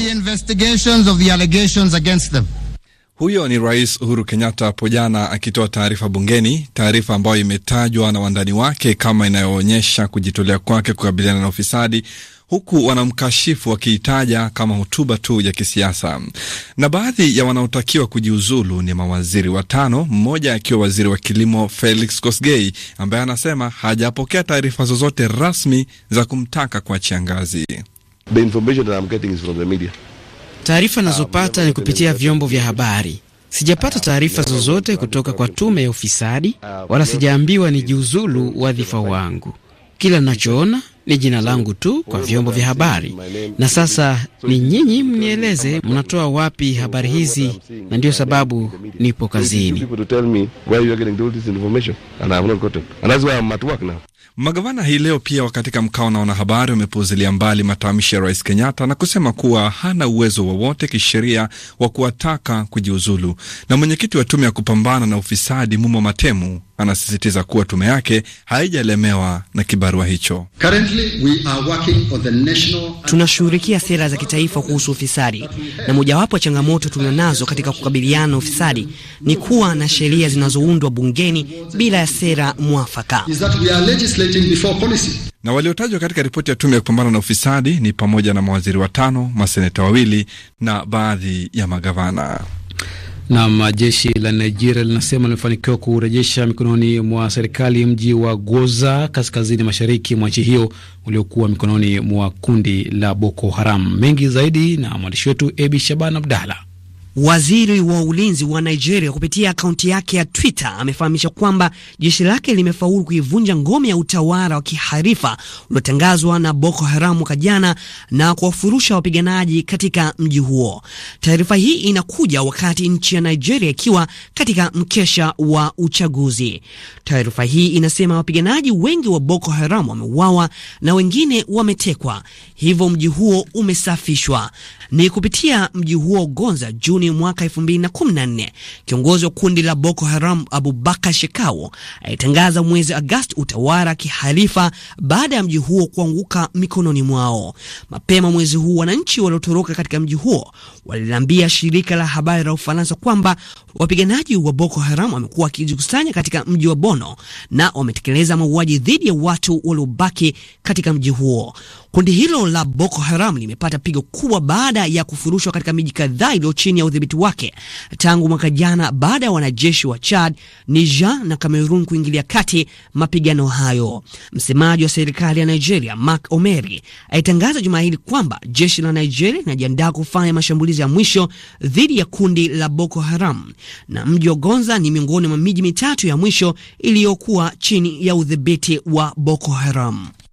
Huyo ni Rais Uhuru Kenyatta hapo jana akitoa taarifa bungeni, taarifa ambayo imetajwa na wandani wake kama inayoonyesha kujitolea kwake kukabiliana na ufisadi huku wanamkashifu wakiitaja kama hotuba tu ya kisiasa. Na baadhi ya wanaotakiwa kujiuzulu ni mawaziri watano, mmoja akiwa waziri wa kilimo Felix Kosgei ambaye anasema hajapokea taarifa zozote rasmi za kumtaka kuachia ngazi. Taarifa ah, nazopata ni kupitia vyombo vya habari. Sijapata taarifa zozote kutoka kwa tume ya ufisadi, ah, wala sijaambiwa ni jiuzulu wadhifa wangu. Kila nachoona ni jina langu tu kwa vyombo vya habari, na sasa ni nyinyi mnieleze mnatoa wapi habari hizi, na ndiyo sababu nipo kazini. Magavana hii leo pia katika mkao na wanahabari wamepuuzilia mbali matamshi ya rais Kenyatta na kusema kuwa hana uwezo wowote kisheria wa kuwataka kujiuzulu. Na mwenyekiti wa tume ya kupambana na ufisadi Mumo Matemu anasisitiza kuwa tume yake haijalemewa na kibarua hicho. tunashughulikia sera za kitaifa kuhusu ufisadi, na mojawapo ya changamoto tulionazo katika kukabiliana na ufisadi ni kuwa na sheria zinazoundwa bungeni bila ya sera mwafaka legislating before policy. Na waliotajwa katika ripoti ya tume ya kupambana na ufisadi ni pamoja na mawaziri watano, maseneta wawili na baadhi ya magavana. Nam, jeshi la Nigeria linasema limefanikiwa kurejesha mikononi mwa serikali mji wa Goza kaskazini mashariki mwa nchi hiyo uliokuwa mikononi mwa kundi la Boko Haram. Mengi zaidi na mwandishi wetu Ebi Shaban Abdallah. Waziri wa ulinzi wa Nigeria kupitia akaunti yake ya Twitter amefahamisha kwamba jeshi lake limefaulu kuivunja ngome ya utawala wa kiharifa uliotangazwa na Boko Haram mwaka jana na kuwafurusha wapiganaji katika mji huo. Taarifa hii inakuja wakati nchi ya Nigeria ikiwa katika mkesha wa uchaguzi. Taarifa hii inasema wapiganaji wengi wa Boko Haram wameuawa na wengine wametekwa, hivyo mji huo umesafishwa. Ni kupitia mji huo Gonza Juni Juni mwaka 2014 kiongozi wa kundi la Boko Haram Abubakar Shekau alitangaza mwezi Agosti utawala kihalifa baada ya mji huo kuanguka mikononi mwao. Mapema mwezi huu, wananchi waliotoroka katika mji huo waliliambia shirika la habari la Ufaransa kwamba wapiganaji wa Boko Haram wamekuwa wakijikusanya katika mji wa Bono na wametekeleza mauaji dhidi ya watu waliobaki katika mji huo. Kundi hilo la Boko Haram limepata pigo kubwa baada ya kufurushwa katika miji kadhaa iliyo chini ya udhibiti wake tangu mwaka jana, baada ya wanajeshi wa Chad, Niger na Cameroon kuingilia kati mapigano hayo. Msemaji wa serikali ya Nigeria, Mark Omeri, alitangaza juma hili kwamba jeshi la Nigeria linajiandaa kufanya mashambulizi ya mwisho dhidi ya kundi la Boko Haram, na mji wa Gonza ni miongoni mwa miji mitatu ya mwisho iliyokuwa chini ya udhibiti wa Boko Haram.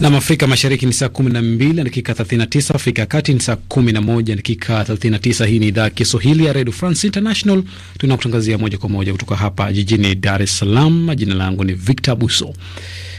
Nam Afrika Mashariki ni saa 12 na dakika 39, Afrika ya Kati ni saa 11 dakika 39. Hii ni idhaa ya Kiswahili ya Redio France International, tunakutangazia moja kwa moja kutoka hapa jijini Dar es Salaam. Jina langu ni Victor Buso.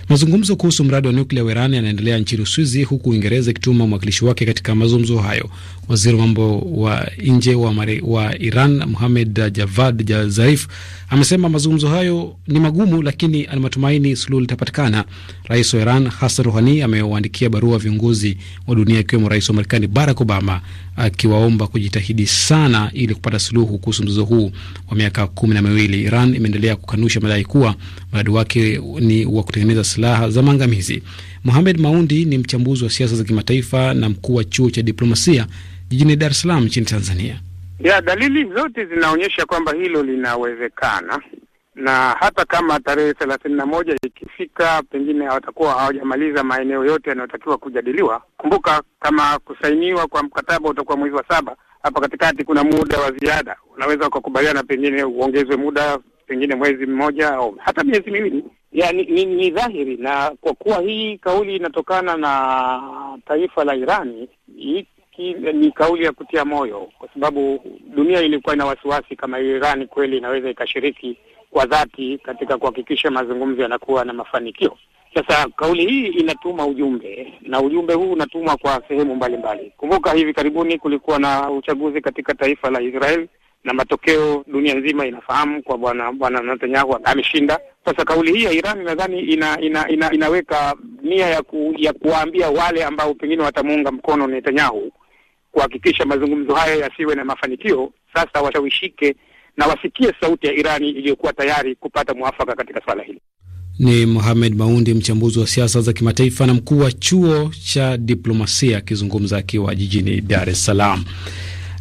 Mazungumzo kuhusu mradi wa nyuklia wa Iran yanaendelea nchini Uswizi, huku Uingereza ikituma mwakilishi wake katika mazungumzo hayo. Waziri wa mambo wa nje wa, wa Iran Muhamed Javad Zarif amesema mazungumzo hayo ni magumu, lakini ana matumaini suluhu litapatikana. Rais wa Iran Hassan ruhani amewaandikia barua viongozi wa dunia ikiwemo rais wa Marekani Barack Obama akiwaomba kujitahidi sana ili kupata suluhu kuhusu mzozo huu wa miaka kumi na miwili. Iran imeendelea kukanusha madai kuwa mradi wake ni wa kutengeneza silaha za maangamizi. Mohamed Maundi ni mchambuzi wa siasa za kimataifa na mkuu wa chuo cha diplomasia jijini Dar es Salaam nchini Tanzania. Ya, dalili zote zinaonyesha kwamba hilo linawezekana na hata kama tarehe thelathini na moja ikifika pengine watakuwa hawajamaliza maeneo yote yanayotakiwa kujadiliwa. Kumbuka kama kusainiwa kwa mkataba utakuwa mwezi wa saba, hapa katikati kuna muda wa ziada, unaweza ukakubaliana, pengine uongezwe muda, pengine mwezi mmoja au hata miezi miwili. Ya, ni, ni, ni dhahiri na kwa kuwa hii kauli inatokana na taifa la Irani hii ni kauli ya kutia moyo, kwa sababu dunia ilikuwa ina wasiwasi kama Irani kweli inaweza ikashiriki kwa dhati katika kuhakikisha mazungumzo yanakuwa na mafanikio. Sasa kauli hii inatuma ujumbe na ujumbe huu unatumwa kwa sehemu mbalimbali. Kumbuka hivi karibuni kulikuwa na uchaguzi katika taifa la Israel na matokeo dunia nzima inafahamu kwa bwana bwana Netanyahu ameshinda. Sasa kauli hii ya Iran nadhani ina, ina, ina, inaweka nia ya, ku, ya kuwaambia wale ambao pengine watamuunga mkono Netanyahu kuhakikisha mazungumzo hayo yasiwe na mafanikio, sasa washawishike na wasikie sauti ya Irani iliyokuwa tayari kupata mwafaka katika swala hili. Ni muhamed Maundi, mchambuzi wa siasa za kimataifa na mkuu wa chuo cha diplomasia akizungumza akiwa jijini Dar es Salaam.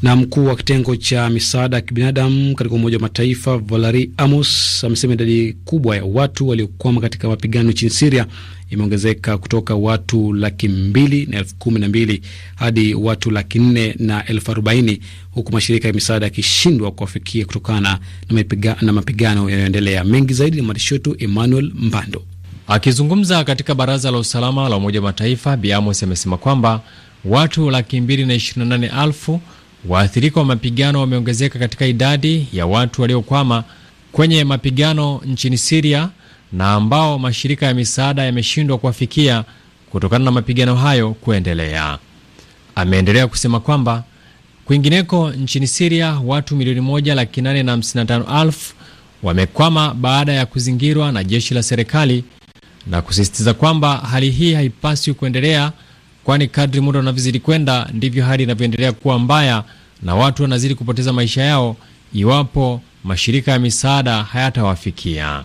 Na mkuu wa kitengo cha misaada ya kibinadamu katika Umoja wa Mataifa Valerie Amos amesema idadi kubwa ya watu waliokwama katika mapigano nchini Siria imeongezeka kutoka watu laki mbili na elfu kumi na mbili hadi watu laki nne na elfu arobaini huku mashirika ya misaada yakishindwa kuwafikia kutokana na mapigano yanayoendelea. Mengi zaidi na mwandishi wetu Emmanuel Mbando. Akizungumza katika Baraza la Usalama la Umoja wa Mataifa, Bi Amos amesema kwamba watu laki mbili na ishirini na nane Waathirika wa mapigano wameongezeka katika idadi ya watu waliokwama kwenye mapigano nchini Siria na ambao mashirika ya misaada yameshindwa kuwafikia kutokana na mapigano hayo kuendelea. Ameendelea kusema kwamba kwingineko nchini Siria watu milioni moja laki nane na hamsini na tano elfu wamekwama baada ya kuzingirwa na jeshi la serikali na kusisitiza kwamba hali hii haipaswi kuendelea kwani kadri muda unavyozidi kwenda ndivyo hali inavyoendelea kuwa mbaya na watu wanazidi kupoteza maisha yao iwapo mashirika ya misaada hayatawafikia.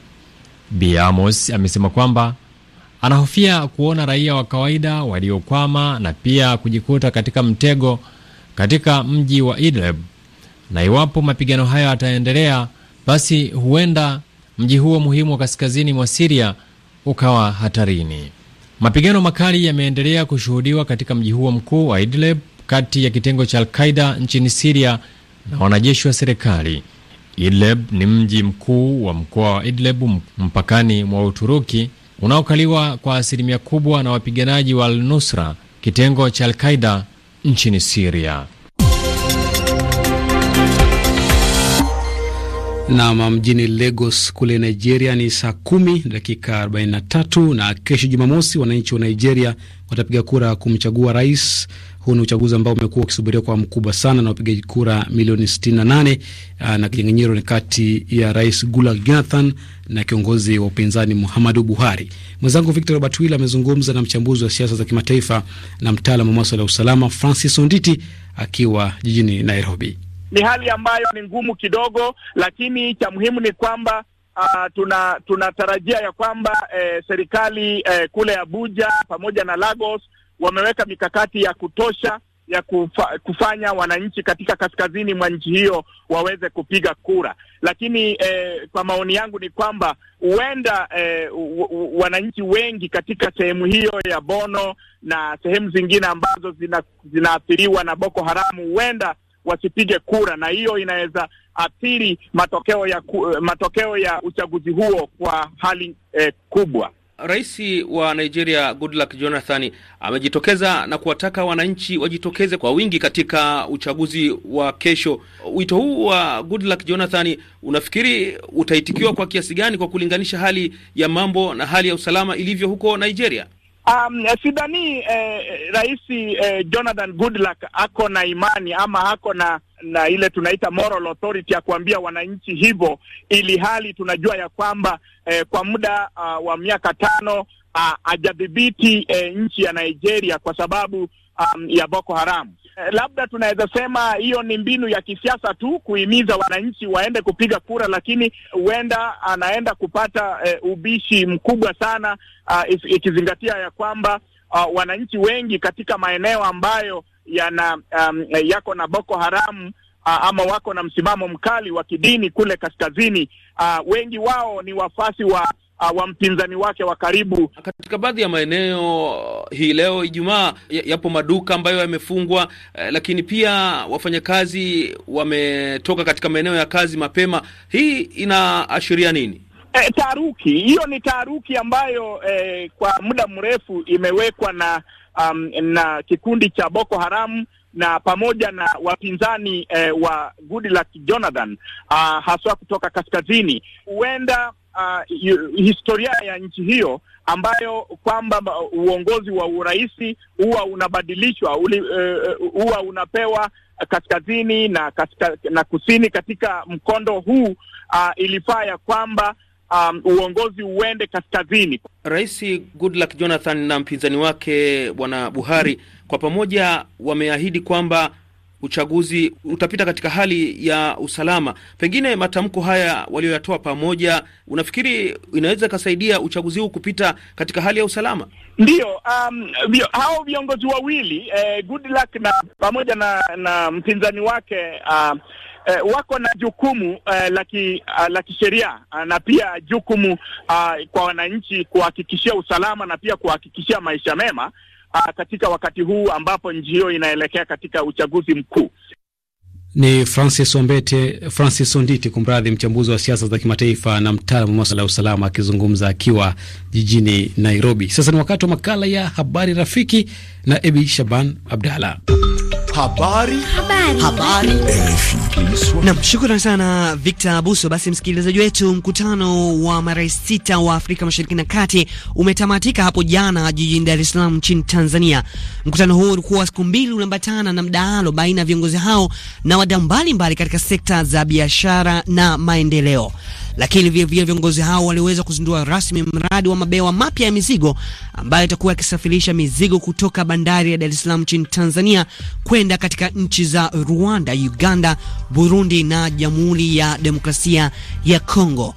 Bi amesema kwamba anahofia kuona raia wa kawaida waliokwama na pia kujikuta katika mtego katika mji wa Idlib, na iwapo mapigano hayo yataendelea, basi huenda mji huo muhimu wa kaskazini mwa Siria ukawa hatarini. Mapigano makali yameendelea kushuhudiwa katika mji huo mkuu wa Idlib kati ya kitengo cha alqaida nchini Siria na wanajeshi wa serikali. Idlib ni mji mkuu wa mkoa wa Idlib mpakani mwa Uturuki unaokaliwa kwa asilimia kubwa na wapiganaji wa Al-Nusra, kitengo cha alqaida nchini Siria. Nam, mjini Lagos kule Nigeria ni saa kumi dakika 43, na kesho Jumamosi wananchi wa Nigeria watapiga kura kumchagua rais. Huu ni uchaguzi ambao umekuwa ukisubiriwa kwa mkubwa sana na wapigaji kura milioni 68, ah, na kinyang'anyiro ni kati ya Rais Goodluck Jonathan na kiongozi wa upinzani Muhammadu Buhari. Mwenzangu Victor Robert Wille amezungumza na mchambuzi wa siasa za kimataifa na mtaalamu wa maswala ya usalama Francis Onditi akiwa jijini Nairobi ni hali ambayo ni ngumu kidogo, lakini cha muhimu ni kwamba Uh, tuna tunatarajia ya kwamba eh, serikali eh, kule Abuja pamoja na Lagos wameweka mikakati ya kutosha ya kufa, kufanya wananchi katika kaskazini mwa nchi hiyo waweze kupiga kura, lakini eh, kwa maoni yangu ni kwamba huenda eh, wananchi wengi katika sehemu hiyo ya Bono na sehemu zingine ambazo zinaathiriwa zina na Boko Haramu huenda wasipige kura, na hiyo inaweza athiri matokeo ya ku, eh, matokeo ya uchaguzi huo kwa hali eh, kubwa. Rais wa Nigeria Goodluck Jonathan amejitokeza na kuwataka wananchi wajitokeze kwa wingi katika uchaguzi wa kesho. Wito huu wa Goodluck Jonathan unafikiri utaitikiwa kwa kiasi gani, kwa kulinganisha hali ya mambo na hali ya usalama ilivyo huko Nigeria? Um, sidhani eh, Rais eh, Jonathan Goodluck ako na imani ama ako na na ile tunaita moral authority ya kuambia wananchi hivyo, ili hali tunajua ya kwamba eh, kwa muda uh, wa miaka tano ah, hajadhibiti ajadhibiti eh, nchi ya Nigeria kwa sababu um, ya Boko Haram. Eh, labda tunaweza sema hiyo ni mbinu ya kisiasa tu kuhimiza wananchi waende kupiga kura, lakini huenda anaenda kupata uh, ubishi mkubwa sana uh, ikizingatia ya kwamba uh, wananchi wengi katika maeneo ambayo yana um, yako na Boko Haram ah, ama wako na msimamo mkali wa kidini kule kaskazini, uh, wengi wao ni wafasi wa Uh, wa mpinzani wake wa karibu. Katika baadhi ya maeneo uh, hii leo Ijumaa, yapo maduka ambayo yamefungwa, uh, lakini pia wafanyakazi wametoka katika maeneo ya kazi mapema. Hii inaashiria nini? E, taharuki hiyo ni taharuki ambayo e, kwa muda mrefu imewekwa na um, na kikundi cha Boko Haramu na pamoja na wapinzani e, wa Goodluck Jonathan, uh, haswa kutoka kaskazini. Huenda uh, historia ya nchi hiyo ambayo kwamba uh, uongozi wa uraisi huwa unabadilishwa uh, uh, huwa uh, unapewa kaskazini na, kaska, na kusini katika mkondo huu uh, ilifaa ya kwamba Um, uongozi uende kaskazini. Rais Goodluck Jonathan na mpinzani wake Bwana Buhari kwa pamoja wameahidi kwamba uchaguzi utapita katika hali ya usalama. Pengine matamko haya walioyatoa pamoja, unafikiri inaweza ikasaidia uchaguzi huu kupita katika hali ya usalama? Ndiyo, um, vio, hao viongozi wawili eh, Goodluck na pamoja na, na mpinzani wake uh, eh, wako na jukumu eh, la eh, kisheria uh, na pia jukumu uh, kwa wananchi kuhakikishia usalama na pia kuhakikishia maisha mema uh, katika wakati huu ambapo nchi hiyo inaelekea katika uchaguzi mkuu. Ni Francis Ombete, Francis Onditi, kumradhi, mchambuzi wa siasa za kimataifa na mtaalamu wa masuala ya usalama akizungumza akiwa jijini Nairobi. Sasa ni wakati wa makala ya habari rafiki na Ebi Shaban Abdalla. Habari. Habari. Habari. Nam, shukrani sana Victor Abuso. Basi msikilizaji wetu, mkutano wa marais sita wa Afrika Mashariki na Kati umetamatika hapo jana jijini Dar es Salaam nchini Tanzania. Mkutano huo ulikuwa siku mbili, uliambatana na mdahalo baina ya viongozi hao na wadau mbalimbali katika sekta za biashara na maendeleo. Lakini vilevile viongozi hao waliweza kuzindua rasmi mradi wa mabewa mapya ya mizigo ambayo itakuwa yakisafirisha mizigo kutoka bandari ya Dar es Salaam nchini Tanzania kwenda katika nchi za Rwanda, Uganda, Burundi na Jamhuri ya Demokrasia ya Kongo.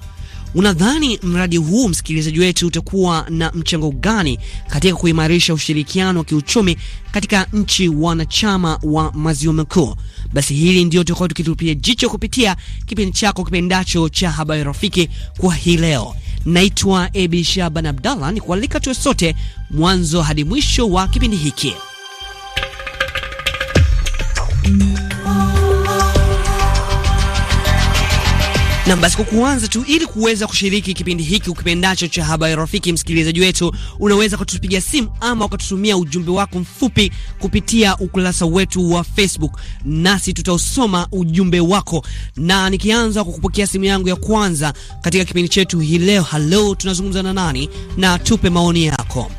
Unadhani mradi huu msikilizaji wetu utakuwa na mchango gani katika kuimarisha ushirikiano wa kiuchumi katika nchi wanachama wa maziwa makuu? Basi hili ndio tutakuwa tukitupia jicho kupitia kipindi chako kipendacho cha habari rafiki kwa hii leo. Naitwa Abi Shaban Abdallah, ni kualika tuwe sote mwanzo hadi mwisho wa kipindi hiki. Nam basi, kwa kuanza tu, ili kuweza kushiriki kipindi hiki ukipendacho cha habari rafiki, msikilizaji wetu, unaweza kutupigia simu ama ukatutumia ujumbe wako mfupi kupitia ukurasa wetu wa Facebook, nasi tutausoma ujumbe wako. Na nikianza kwa kupokea simu yangu ya kwanza katika kipindi chetu hii leo. Halo, tunazungumza na nani? Na tupe maoni yako.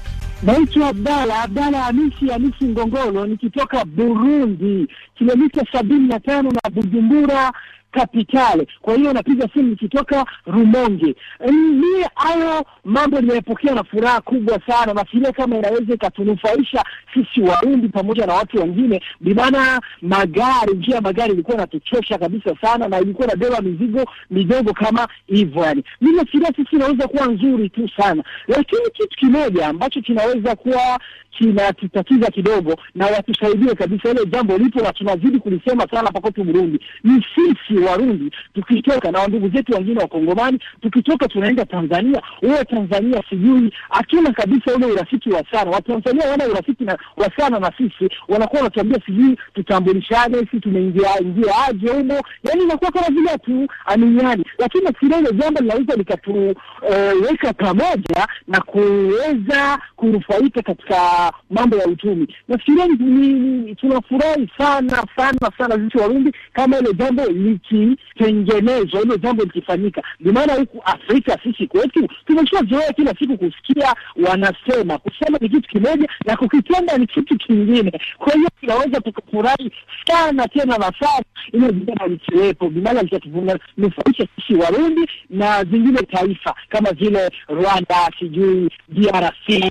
Naitwa Abdala Abdala Hamisi Hamisi Ngongolo, nikitoka Burundi, kilomita sabini na tano na Bujumbura Kapitale. Kwa hiyo napiga simu nikitoka Rumonge. ni hayo mambo nimeyapokea na furaha kubwa sana. Nafikiria kama inaweza ikatunufaisha sisi Warundi pamoja na watu wengine. Bimana magari, njia ya magari ilikuwa inatuchosha kabisa sana, na ilikuwa inabeba mizigo midogo kama hivyo. Yani mimi nafikiria sisi inaweza kuwa nzuri tu sana, lakini kitu kimoja ambacho kinaweza kuwa kinatutatiza kidogo, na watusaidie kabisa. Ile jambo lipo na tunazidi kulisema sana pakotu Burundi. Ni sisi Warundi tukitoka na wandugu zetu wengine Wakongomani, tukitoka tunaenda Tanzania, wewe Tanzania sijui, hatuna kabisa ule urafiki wa sana. Watanzania wana urafiki na, wa sana na sisi, wanakuwa wanatuambia sijui tutambulishane, sisi tumeingia ingia aje humo, yani inakuwa kama vile hatu aminyani, lakini nafikiria ile jambo linaweza likatuweka eh, uh, pamoja na kuweza kunufaika katika mambo ya uchumi. Nafikiria tunafurahi sana sana sana sisi Warundi kama ile jambo likitengenezwa, ile jambo likifanyika. Ni maana huku Afrika sisi kwetu zoea kila siku kusikia wanasema, kusema ni kitu kimoja na kukitenda ni kitu kingine. Kwa hiyo tunaweza tukafurahi sana tena na sana ile jambo likiwepo, maana litatunufaisha sisi Warundi na zingine taifa kama vile Rwanda, sijui DRC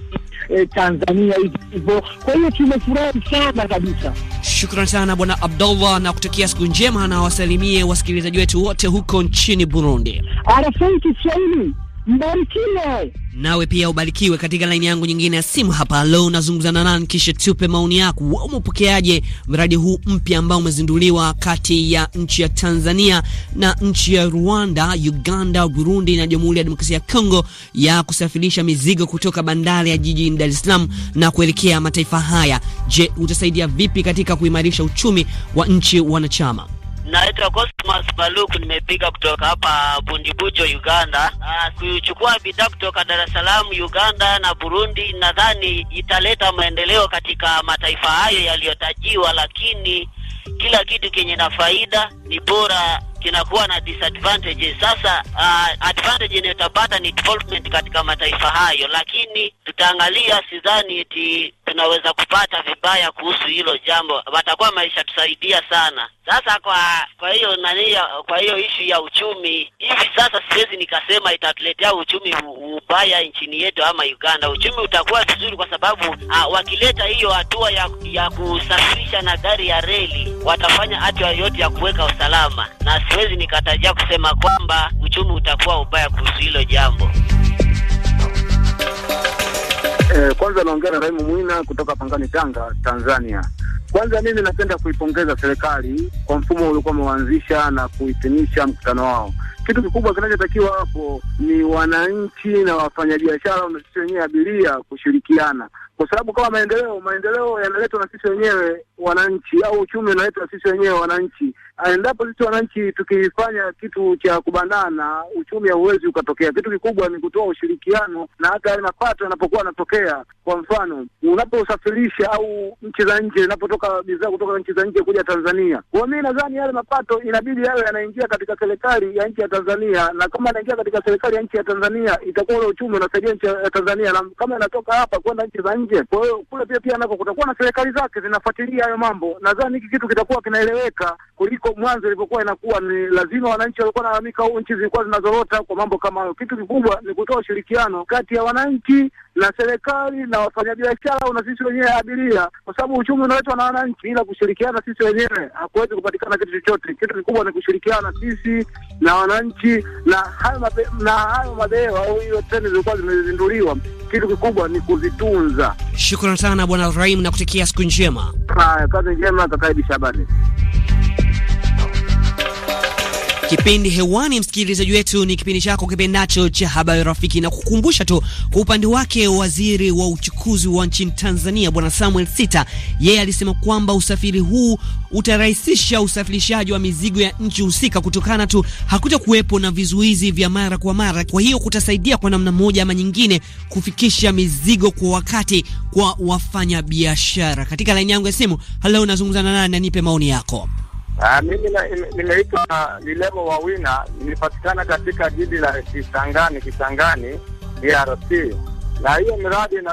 eh, Tanzania hivi hivyo. Kwa hiyo tumefurahi sana kabisa. shukran sana Bwana Abdullah na kutakia siku njema, na wasalimie wasikilizaji wetu wote huko nchini Burundi. RFI Kiswahili Mbarikiwe nawe pia ubarikiwe. Katika laini yangu nyingine ya simu hapa leo unazungumzana nani, kisha tupe maoni yako, wewe umepokeaje mradi huu mpya ambao umezinduliwa kati ya nchi ya Tanzania na nchi ya Rwanda, Uganda, Burundi na Jamhuri ya Demokrasia ya Kongo ya kusafirisha mizigo kutoka bandari ya jijini Dar es Salaam na kuelekea mataifa haya? Je, utasaidia vipi katika kuimarisha uchumi wa nchi wanachama? Naitwa Cosmas Maluku, nimepiga kutoka hapa Bundibujo, Uganda. Ah, kuchukua bidhaa kutoka Dar es Salaam, Uganda na Burundi, nadhani italeta maendeleo katika mataifa hayo yaliyotajiwa, lakini kila kitu kenye na faida ni bora kinakuwa na disadvantage. Sasa uh, advantage inayotapata ni development katika mataifa hayo, lakini tutaangalia, sidhani eti tunaweza kupata vibaya kuhusu hilo jambo. Watakuwa maisha tusaidia sana sasa kwa kwa hiyo nani, kwa hiyo ishu ya uchumi hivi sasa, siwezi nikasema itatuletea uchumi mbaya nchini yetu ama Uganda. Uchumi utakuwa vizuri kwa sababu uh, wakileta hiyo hatua ya, ya kusafirisha na gari ya reli watafanya hatua yote ya kuweka usalama, na siwezi nikatajia kusema kwamba uchumi utakuwa ubaya kuhusu hilo jambo. Eh, kwanza naongea na Raimu Mwina kutoka Pangani, Tanga, Tanzania. Kwanza mimi napenda kuipongeza serikali kwa mfumo uliokuwa umeanzisha na kuhitimisha mkutano wao. Kitu kikubwa kinachotakiwa hapo ni wananchi na wafanyabiashara na sisi wenyewe abiria kushirikiana kwa sababu kama maendeleo maendeleo yanaletwa na sisi wenyewe wananchi, au uchumi unaletwa na sisi wenyewe wananchi. Ah, endapo sisi wananchi tukifanya kitu cha kubandana, uchumi hauwezi ukatokea. Kitu kikubwa ni kutoa ushirikiano, na hata yale mapato yanapokuwa yanatokea, kwa mfano unaposafirisha au nchi za nje, inapotoka bidhaa kutoka nchi za nje kuja Tanzania, kwa mimi nadhani yale mapato inabidi yawe yanaingia katika serikali ya nchi ya Tanzania, na kama yanaingia katika serikali ya nchi ya Tanzania, itakuwa ule uchumi unasaidia nchi ya Tanzania, na kama inatoka hapa kwenda nchi za nje nje. Kwa hiyo kule pia pia nako kutakuwa na serikali zake zinafuatilia hayo mambo. Nadhani hiki kitu kitakuwa kinaeleweka kuliko mwanzo ilivyokuwa inakuwa. Ni lazima wananchi walikuwa nalalamika, nchi zilikuwa zinazorota kwa mambo kama hayo. Kitu kikubwa ni kutoa ushirikiano kati ya wananchi na serikali na wafanyabiashara na sisi wenyewe abiria, kwa sababu uchumi unaletwa na wananchi. Bila kushirikiana sisi wenyewe hakuwezi kupatikana kitu chochote. Kitu kikubwa ni kushirikiana sisi na wananchi, na hayo mabe, na hayo mabehewa au hiyo treni zilikuwa zimezinduliwa, kitu kikubwa ni kuzitunza. Shukrani sana Bwana Rahim na kutikia siku njema. Haya, kazi njema, kakaidi Shabani. Kipindi hewani, msikilizaji wetu, ni kipindi chako kipendacho cha habari rafiki, na kukumbusha tu kwa upande wake, waziri wa uchukuzi wa nchini Tanzania Bwana Samuel Sita, yeye alisema kwamba usafiri huu utarahisisha usafirishaji wa mizigo ya nchi husika, kutokana tu hakuta kuwepo na vizuizi vya mara kwa mara. Kwa hiyo kutasaidia kwa namna moja ama nyingine kufikisha mizigo kwa wakati kwa wafanyabiashara. Katika laini yangu ya simu, halo, na nani? Nipe maoni yako. Uh, mimi nimeitwa Lilemo Wawina, nimepatikana katika jiji la Kisangani, Kisangani DRC, na hiyo miradi na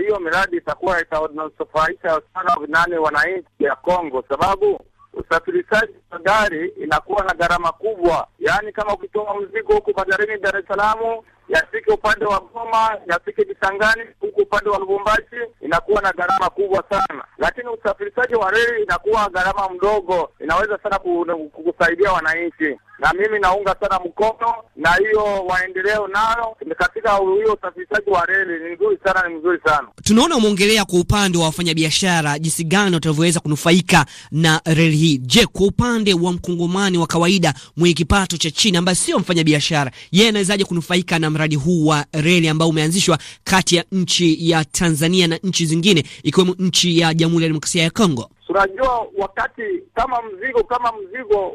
hiyo miradi itakuwa itanufaisha sana nani wananchi ya Kongo, sababu usafirishaji wa gari inakuwa na gharama kubwa, yaani kama ukitoa mzigo huko bandarini Dar es Salaam yafike upande wa Goma, yafike Kisangani, huku upande wa Lubumbashi inakuwa na gharama kubwa sana, lakini usafirishaji wa reli inakuwa gharama mdogo, inaweza sana kusaidia wananchi na mimi naunga sana mkono na hiyo waendeleo nayo katika hiyo usafirishaji wa reli. Ni nzuri sana, ni mzuri sana. Tunaona umeongelea kwa upande wa wafanyabiashara jinsi gani watavyoweza kunufaika na reli hii. Je, kwa upande wa mkongomani wa kawaida mwenye kipato cha chini ambaye sio mfanyabiashara, yeye anawezaje kunufaika na mradi huu wa reli ambao umeanzishwa kati ya nchi ya Tanzania na nchi zingine ikiwemo nchi ya Jamhuri ya Demokrasia ya Kongo? Tunajua wakati kama mzigo kama mzigo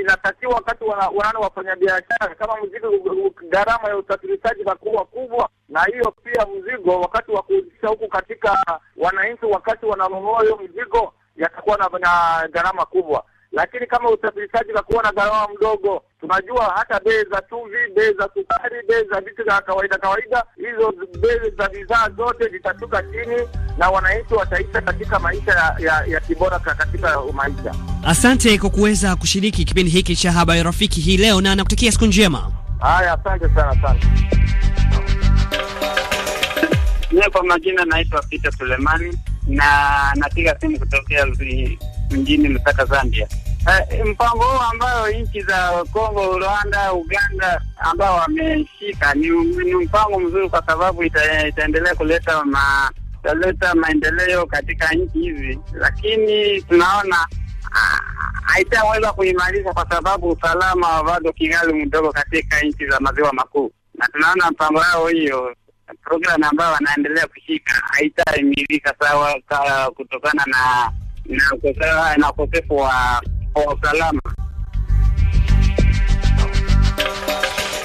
inatakiwa wakati wana wafanya biashara kama mzigo, gharama ya usafirishaji nakuwa kubwa, na hiyo pia mzigo wakati wa kuuzisha huku katika wananchi, wakati wananunua hiyo mzigo yatakuwa na, na gharama kubwa. Lakini kama usafirishaji utakuwa na gharama mdogo, tunajua hata bei za chumvi, bei za sukari, bei za vitu za kawaida kawaida, hizo bei za bidhaa zote zitashuka chini na wananchi wataisha katika maisha ya, ya, ya kibora katika maisha Asante kwa kuweza kushiriki kipindi hiki cha habari rafiki hii leo, na nakutakia siku njema. Haya, asante sana, sana Mimi kwa majina naitwa Peter Sulemani na napiga simu kutokea mjini Lusaka, Zambia. Eh, mpango huu ambayo nchi za Kongo, Rwanda, Uganda ambao wameshika ni, ni mpango mzuri kwa sababu ita, itaendelea kuleta ma, italeta maendeleo katika nchi hizi, lakini tunaona haitaweza kuimaliza kwa sababu usalama wa bado kingali mdogo katika nchi za maziwa makuu, na tunaona mpango yao hiyo programu ambayo wanaendelea kushika haitaimilika sawa, kutokana na na ukosefu wa usalama.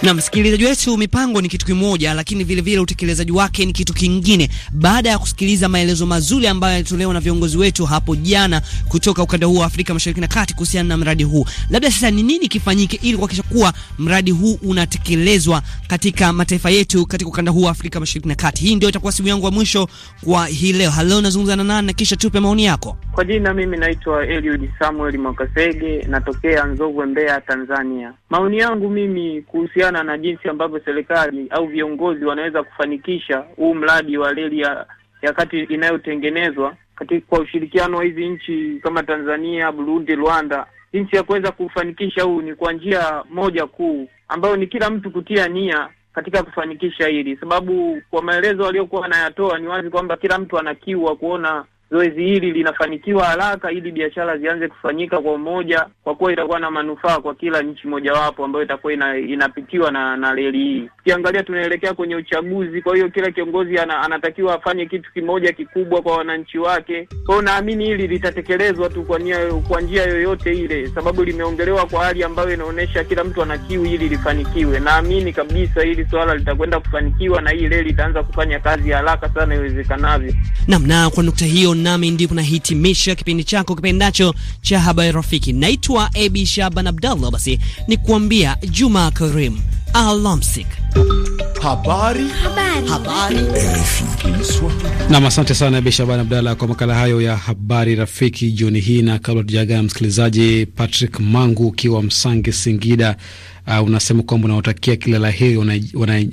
Na msikilizaji wetu, mipango ni kitu kimoja, lakini vile vile utekelezaji wake ni kitu kingine. Baada ya kusikiliza maelezo mazuri ambayo yalitolewa na viongozi wetu hapo jana kutoka ukanda huu wa Afrika Mashariki na Kati kuhusiana na mradi huu, labda sasa ni nini kifanyike ili kuhakikisha kuwa mradi huu unatekelezwa katika mataifa yetu katika ukanda huu wa Afrika Mashariki na Kati? Hii ndio itakuwa simu yangu ya mwisho kwa hii leo. Halo, nazungumza na nani na kisha tupe maoni yako. Kwa jina mimi naitwa Eliud Samuel Mwakasege, natokea Nzogwe, Mbeya, Tanzania. Maoni yangu mimi kuhusu kuhusiana na jinsi ambavyo serikali au viongozi wanaweza kufanikisha huu mradi wa reli ya, ya kati inayotengenezwa katika kwa ushirikiano wa hizi nchi kama Tanzania, Burundi, Rwanda. Jinsi ya kuweza kufanikisha huu ni kwa njia moja kuu ambayo ni kila mtu kutia nia katika kufanikisha hili, sababu kwa maelezo aliyokuwa anayatoa ni wazi kwamba kila mtu anakiwa kuona zoezi hili linafanikiwa haraka ili biashara zianze kufanyika kwa umoja, kwa kuwa itakuwa na manufaa kwa kila nchi mojawapo ambayo itakuwa ina, inapitiwa na na reli hii. Ukiangalia tunaelekea kwenye uchaguzi, kwa hiyo kila kiongozi ana, anatakiwa afanye kitu kimoja kikubwa kwa wananchi wake. Kwa hiyo naamini hili litatekelezwa tu kwa nia, kwa njia yoyote ile, sababu limeongelewa kwa hali ambayo inaonyesha kila mtu ana kiu ili lifanikiwe. Naamini kabisa hili swala litakwenda kufanikiwa na hii reli itaanza kufanya kazi haraka sana iwezekanavyo. Naam, na kwa nukta hiyo nami ndipo nahitimisha kipindi chako kipendacho cha habari rafiki. Naitwa Abi Shaban Abdallah, basi ni kuambia Juma Karim, alamsik. Habari. Habari. Habari. Nam, asante sana Abi Shaban Abdallah kwa makala hayo ya habari rafiki jioni hii, na kabla tujaga msikilizaji, Patrick Mangu ukiwa Msange Singida uh, unasema kwamba unawatakia kila la heri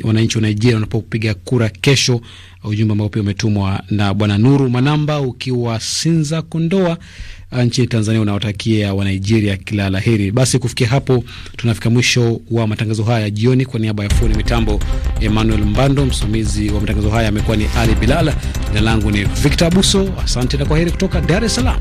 wananchi wa Nigeria wanapopiga kura kesho. Ah, ujumbe ambao pia umetumwa na Bwana Nuru Manamba ukiwa Sinza Kondoa ah, nchini Tanzania, unawatakia Wanigeria kila la heri. Basi kufikia hapo tunafika mwisho wa matangazo haya jioni. Kwa niaba ya fundi mitambo Emmanuel Mbando, msimamizi wa matangazo haya amekuwa ni Ali Bilal. Jina langu ni Victor Abuso, asante na kwaheri kutoka Dar es Salaam.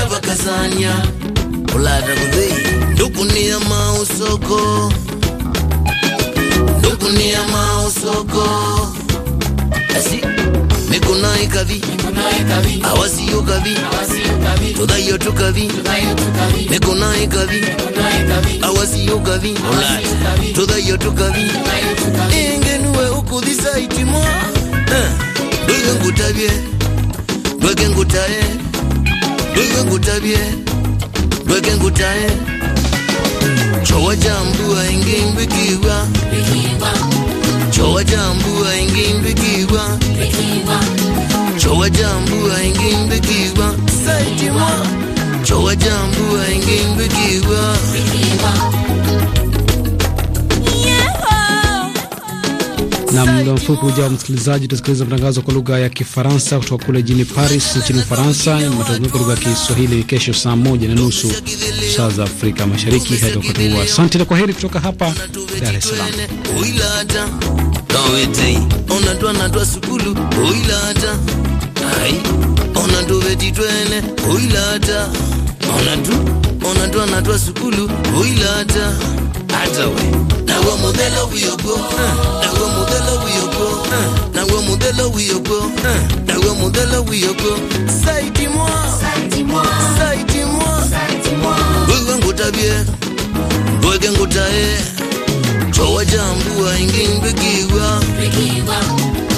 ya bakazanya kulata kudhi ndukunia mausoko ndukunia mausoko asi mikunayi kabi awasiyo kabi tudayo tukabi mikunayi kabi awasiyo kabi tudayo tukabi ingenuwe ukudhisaitimo ndwege ngutavye ndwege ngutaye Luego gusta bien, luego gusta eh. Chowa jambua ingimbi kiwa. Chowa jambua ingimbi kiwa. Chowa jambu ingimbi ingi Say tiwa. Chowa jambua ingimbi kiwa. Chowa jambua ingimbi kiwa. Na muda mfupi ujao, msikilizaji, utasikiliza matangazo kwa lugha ya Kifaransa kutoka kule jijini Paris nchini Ufaransa, matangazo kwa lugha ya Kiswahili kesho saa moja na nusu saa za Afrika Mashariki. Hadi wakati huo, asante na kwa heri kutoka hapa Dar es Salaam. away. Now we're Modelo we go. Now we're Modelo we go. Now we're Modelo we go. Now we're Modelo we go. Say dis-moi. Say dis-moi. Bwe nguta bie. Bwe nguta e. Chowa jambu aingi mbigiwa. Mbigiwa.